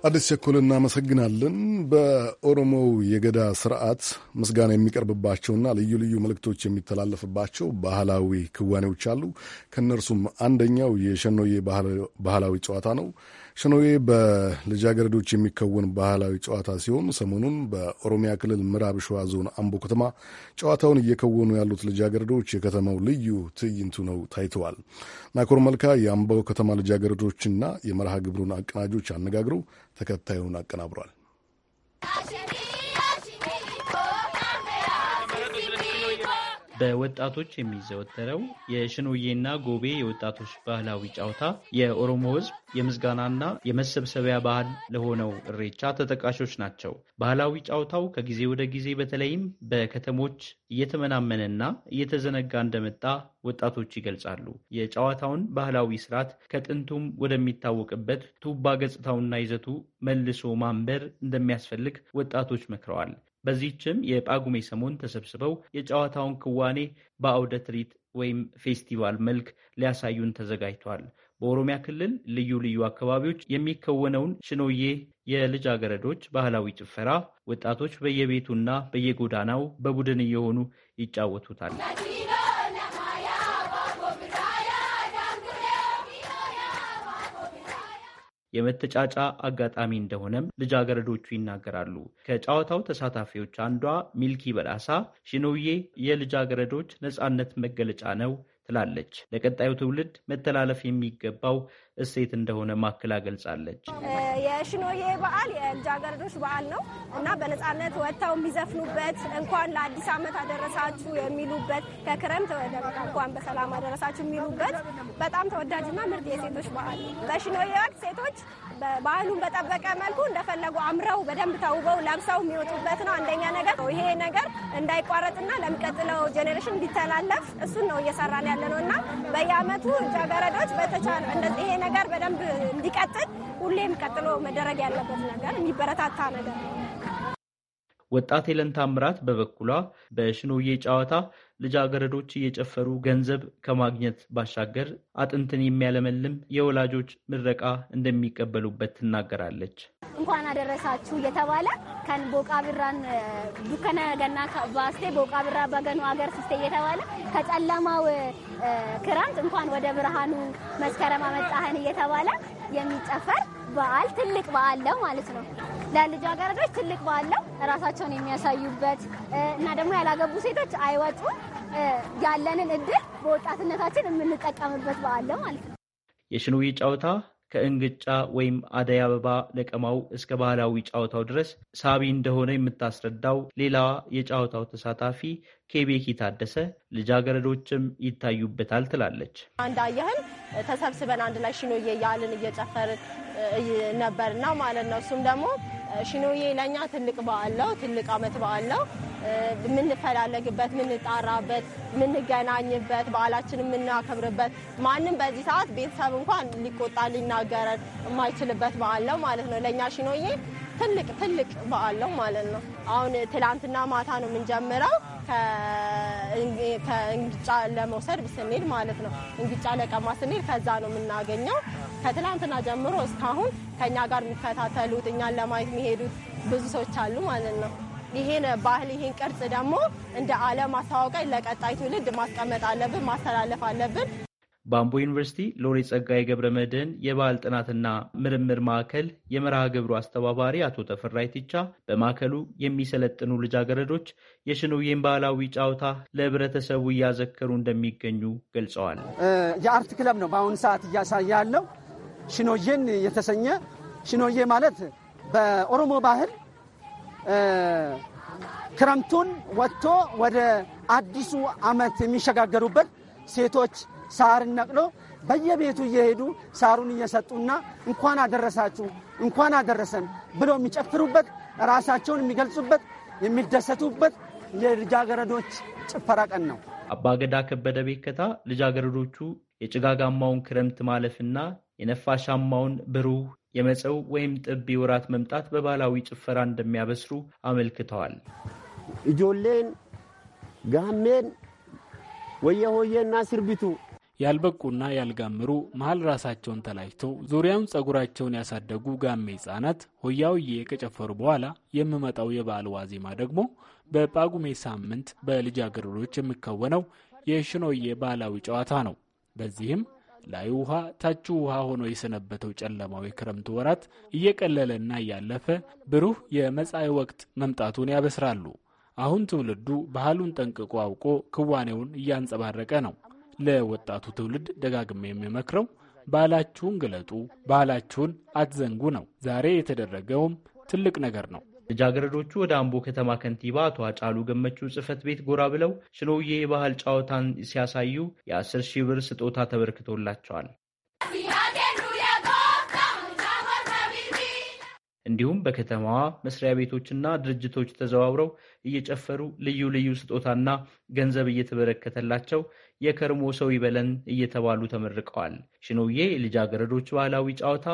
አዲስ ቸኮል እናመሰግናለን። በኦሮሞው የገዳ ስርዓት ምስጋና የሚቀርብባቸውና ልዩ ልዩ መልእክቶች የሚተላለፍባቸው ባህላዊ ክዋኔዎች አሉ። ከእነርሱም አንደኛው የሸኖዬ ባህላዊ ጨዋታ ነው። ሸኖዌ በልጃገረዶች የሚከወን ባህላዊ ጨዋታ ሲሆን ሰሞኑን በኦሮሚያ ክልል ምዕራብ ሸዋ ዞን አምቦ ከተማ ጨዋታውን እየከወኑ ያሉት ልጃገረዶች የከተማው ልዩ ትዕይንቱ ነው ታይተዋል። ናኮር መልካ የአምቦ ከተማ ልጃገረዶችና የመርሃ ግብሩን አቀናጆች አነጋግረው ተከታዩን አቀናብሯል። በወጣቶች የሚዘወተረው የሽኖዬና ጎቤ የወጣቶች ባህላዊ ጨዋታ የኦሮሞ ሕዝብ የምስጋናና የመሰብሰቢያ ባህል ለሆነው እሬቻ ተጠቃሾች ናቸው። ባህላዊ ጨዋታው ከጊዜ ወደ ጊዜ በተለይም በከተሞች እየተመናመነና እየተዘነጋ እንደመጣ ወጣቶች ይገልጻሉ። የጨዋታውን ባህላዊ ስርዓት ከጥንቱም ወደሚታወቅበት ቱባ ገጽታውና ይዘቱ መልሶ ማንበር እንደሚያስፈልግ ወጣቶች መክረዋል። በዚህችም የጳጉሜ ሰሞን ተሰብስበው የጨዋታውን ክዋኔ በአውደ ትርኢት ወይም ፌስቲቫል መልክ ሊያሳዩን ተዘጋጅቷል። በኦሮሚያ ክልል ልዩ ልዩ አካባቢዎች የሚከወነውን ሽኖዬ የልጃገረዶች ባህላዊ ጭፈራ ወጣቶች በየቤቱና በየጎዳናው በቡድን እየሆኑ ይጫወቱታል። የመተጫጫ አጋጣሚ እንደሆነም ልጃገረዶቹ ይናገራሉ። ከጨዋታው ተሳታፊዎች አንዷ ሚልኪ በዳሳ ሽኖዬ የልጃገረዶች ነፃነት መገለጫ ነው ትላለች። ለቀጣዩ ትውልድ መተላለፍ የሚገባው እሴት እንደሆነ ማክላ ገልጻለች። የሽኖዬ በዓል የልጃገረዶች በዓል ነው እና በነፃነት ወጥተው የሚዘፍኑበት እንኳን ለአዲስ ዓመት አደረሳችሁ የሚሉበት ከክረምት ወደ በጋ እንኳን በሰላም አደረሳችሁ የሚሉበት በጣም ተወዳጅና ምርጥ የሴቶች በዓል ነው። በሽኖዬ ወቅት ሴቶች ባህሉን በጠበቀ መልኩ እንደፈለጉ አምረው በደንብ ተውበው ለብሰው የሚወጡበት ነው። አንደኛ ነገር ይሄ ነገር እንዳይቋረጥና ለሚቀጥለው ጄኔሬሽን እንዲተላለፍ እሱን ነው እየሰራን ያለ ነው እና በየአመቱ ልጃገረዶች በተቻለ ይሄ ነገር በደንብ እንዲቀጥል ሁሌም ቀጥሎ መደረግ ያለበት ነገር የሚበረታታ ነገር ነው። ወጣት የለን ታምራት በበኩሏ በሽኖዬ ጨዋታ ልጃገረዶች እየጨፈሩ ገንዘብ ከማግኘት ባሻገር አጥንትን የሚያለመልም የወላጆች ምረቃ እንደሚቀበሉበት ትናገራለች። እንኳን አደረሳችሁ እየተባለ ከን ቦቃ ብራን ዱከነ ገና ባስቴ ቦቃ ብራ በገኑ አገር ስስቴ እየተባለ ከጨለማው ክረምት እንኳን ወደ ብርሃኑ መስከረም አመጣህን እየተባለ የሚጨፈር በዓል ትልቅ በዓል ነው ማለት ነው። ለልጃገረዶች ትልቅ በዓል ነው። ራሳቸውን የሚያሳዩበት እና ደግሞ ያላገቡ ሴቶች አይወጡም። ያለንን እድል በወጣትነታችን የምንጠቀምበት በዓል ነው ማለት ነው። የሽንዊ ጨዋታ ከእንግጫ ወይም አደይ አበባ ለቀማው እስከ ባህላዊ ጨዋታው ድረስ ሳቢ እንደሆነ የምታስረዳው ሌላዋ የጨዋታው ተሳታፊ ኬቤኪ ታደሰ ልጃገረዶችም ይታዩበታል ትላለች። እንዳየህን ተሰብስበን አንድ ላይ ሽኖዬ ያልን እየጨፈርን ነበርና ማለት ነው። እሱም ደግሞ ሽኖዬ ለእኛ ትልቅ በዓል ነው፣ ትልቅ አመት በዓል ነው። የምንፈላለግበት፣ የምንጣራበት፣ የምንገናኝበት፣ በዓላችን የምናከብርበት ማንም በዚህ ሰዓት ቤተሰብ እንኳን ሊቆጣ ሊናገረን የማይችልበት በዓል ነው ማለት ነው። ለእኛ ሽኖዬ ትልቅ ትልቅ በዓል ነው ማለት ነው። አሁን ትላንትና ማታ ነው የምንጀምረው ከእንግጫ ለመውሰድ ስንሄድ ማለት ነው። እንግጫ ለቀማ ስንሄድ ከዛ ነው የምናገኘው። ከትላንትና ጀምሮ እስካሁን ከኛ ጋር የሚከታተሉት እኛን ለማየት የሚሄዱት ብዙ ሰዎች አሉ ማለት ነው። ይሄን ባህል ይሄን ቅርጽ ደግሞ እንደ ዓለም ማስተዋወቂያ ለቀጣይ ትውልድ ማስቀመጥ አለብን፣ ማስተላለፍ አለብን። በአምቦ ዩኒቨርሲቲ ሎሬት ጸጋዬ ገብረ መድህን የባህል ጥናትና ምርምር ማዕከል የመርሃ ግብሩ አስተባባሪ አቶ ተፈራይ ቲቻ በማዕከሉ የሚሰለጥኑ ልጃገረዶች የሽኑዬን ባህላዊ ጨዋታ ለህብረተሰቡ እያዘከሩ እንደሚገኙ ገልጸዋል። የአርት ክለብ ነው በአሁኑ ሰዓት እያሳየ ያለው ሽኖዬን የተሰኘ ሽኖዬ ማለት በኦሮሞ ባህል ክረምቱን ወጥቶ ወደ አዲሱ ዓመት የሚሸጋገሩበት ሴቶች ሳርን ነቅሎ በየቤቱ እየሄዱ ሳሩን እየሰጡና እንኳን አደረሳችሁ እንኳን አደረሰን ብሎ የሚጨፍሩበት ራሳቸውን የሚገልጹበት የሚደሰቱበት የልጃገረዶች ጭፈራ ቀን ነው። አባገዳ ከበደ ቤከታ ልጃገረዶቹ የጭጋጋማውን ክረምት ማለፍና የነፋሻማውን ብሩህ የመጸው ወይም ጥቢ ወራት መምጣት በባህላዊ ጭፈራ እንደሚያበስሩ አመልክተዋል። እጆሌን ጋሜን ወየሆየና ስርቢቱ ያልበቁና ያልጋምሩ መሀል ራሳቸውን ተላጭተው ዙሪያውን ጸጉራቸውን ያሳደጉ ጋሜ ህጻናት ሆያውዬ ከጨፈሩ በኋላ የሚመጣው የበዓል ዋዜማ ደግሞ በጳጉሜ ሳምንት በልጃገረዶች የሚከወነው የሽኖዬ ባህላዊ ጨዋታ ነው። በዚህም ላዩ ውሃ ታች ውሃ ሆኖ የሰነበተው ጨለማው የክረምቱ ወራት እየቀለለና እያለፈ ብሩህ የመጻይ ወቅት መምጣቱን ያበስራሉ። አሁን ትውልዱ ባህሉን ጠንቅቆ አውቆ ክዋኔውን እያንጸባረቀ ነው። ለወጣቱ ትውልድ ደጋግሜ የሚመክረው ባህላችሁን ግለጡ፣ ባህላችሁን አትዘንጉ ነው። ዛሬ የተደረገውም ትልቅ ነገር ነው። ልጃገረዶቹ ወደ አምቦ ከተማ ከንቲባ አቶ አጫሉ ገመቹ ጽህፈት ቤት ጎራ ብለው ሽሎዬ የባህል ጨዋታን ሲያሳዩ የአስር ሺህ ብር ስጦታ ተበርክቶላቸዋል። እንዲሁም በከተማዋ መስሪያ ቤቶችና ድርጅቶች ተዘዋውረው እየጨፈሩ ልዩ ልዩ ስጦታና ገንዘብ እየተበረከተላቸው የከርሞ ሰው ይበለን እየተባሉ ተመርቀዋል። ሽኖዬ የልጃገረዶች ባህላዊ ጨዋታ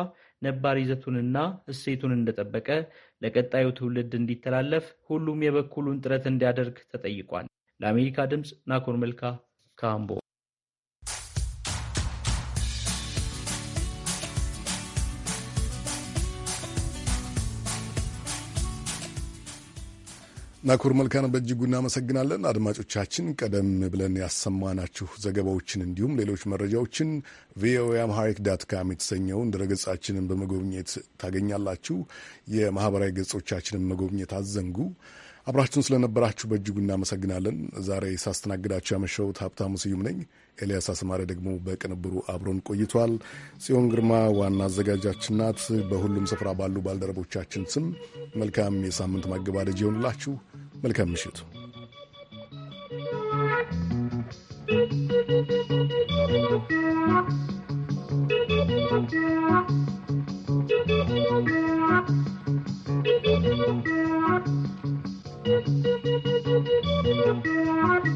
ነባር ይዘቱንና እሴቱን እንደጠበቀ ለቀጣዩ ትውልድ እንዲተላለፍ ሁሉም የበኩሉን ጥረት እንዲያደርግ ተጠይቋል። ለአሜሪካ ድምፅ ናኮር መልካ ካምቦ ናኮር መልካን በእጅጉ እናመሰግናለን። አድማጮቻችን ቀደም ብለን ያሰማናችሁ ዘገባዎችን እንዲሁም ሌሎች መረጃዎችን ቪኦኤ አምሃሪክ ዳት ካም የተሰኘውን ድረገጻችንን በመጎብኘት ታገኛላችሁ። የማህበራዊ ገጾቻችንን መጎብኘት አዘንጉ። አብራችሁን ስለነበራችሁ በእጅጉ እናመሰግናለን። ዛሬ ሳስተናግዳችሁ ያመሸሁት ሀብታሙ ስዩም ነኝ። ኤልያስ አስማሪ ደግሞ በቅንብሩ አብሮን ቆይቷል። ጽዮን ግርማ ዋና አዘጋጃችን ናት። በሁሉም ስፍራ ባሉ ባልደረቦቻችን ስም መልካም የሳምንት ማገባደጅ ይሆንላችሁ። መልካም ምሽቱ። Thank you. Haa.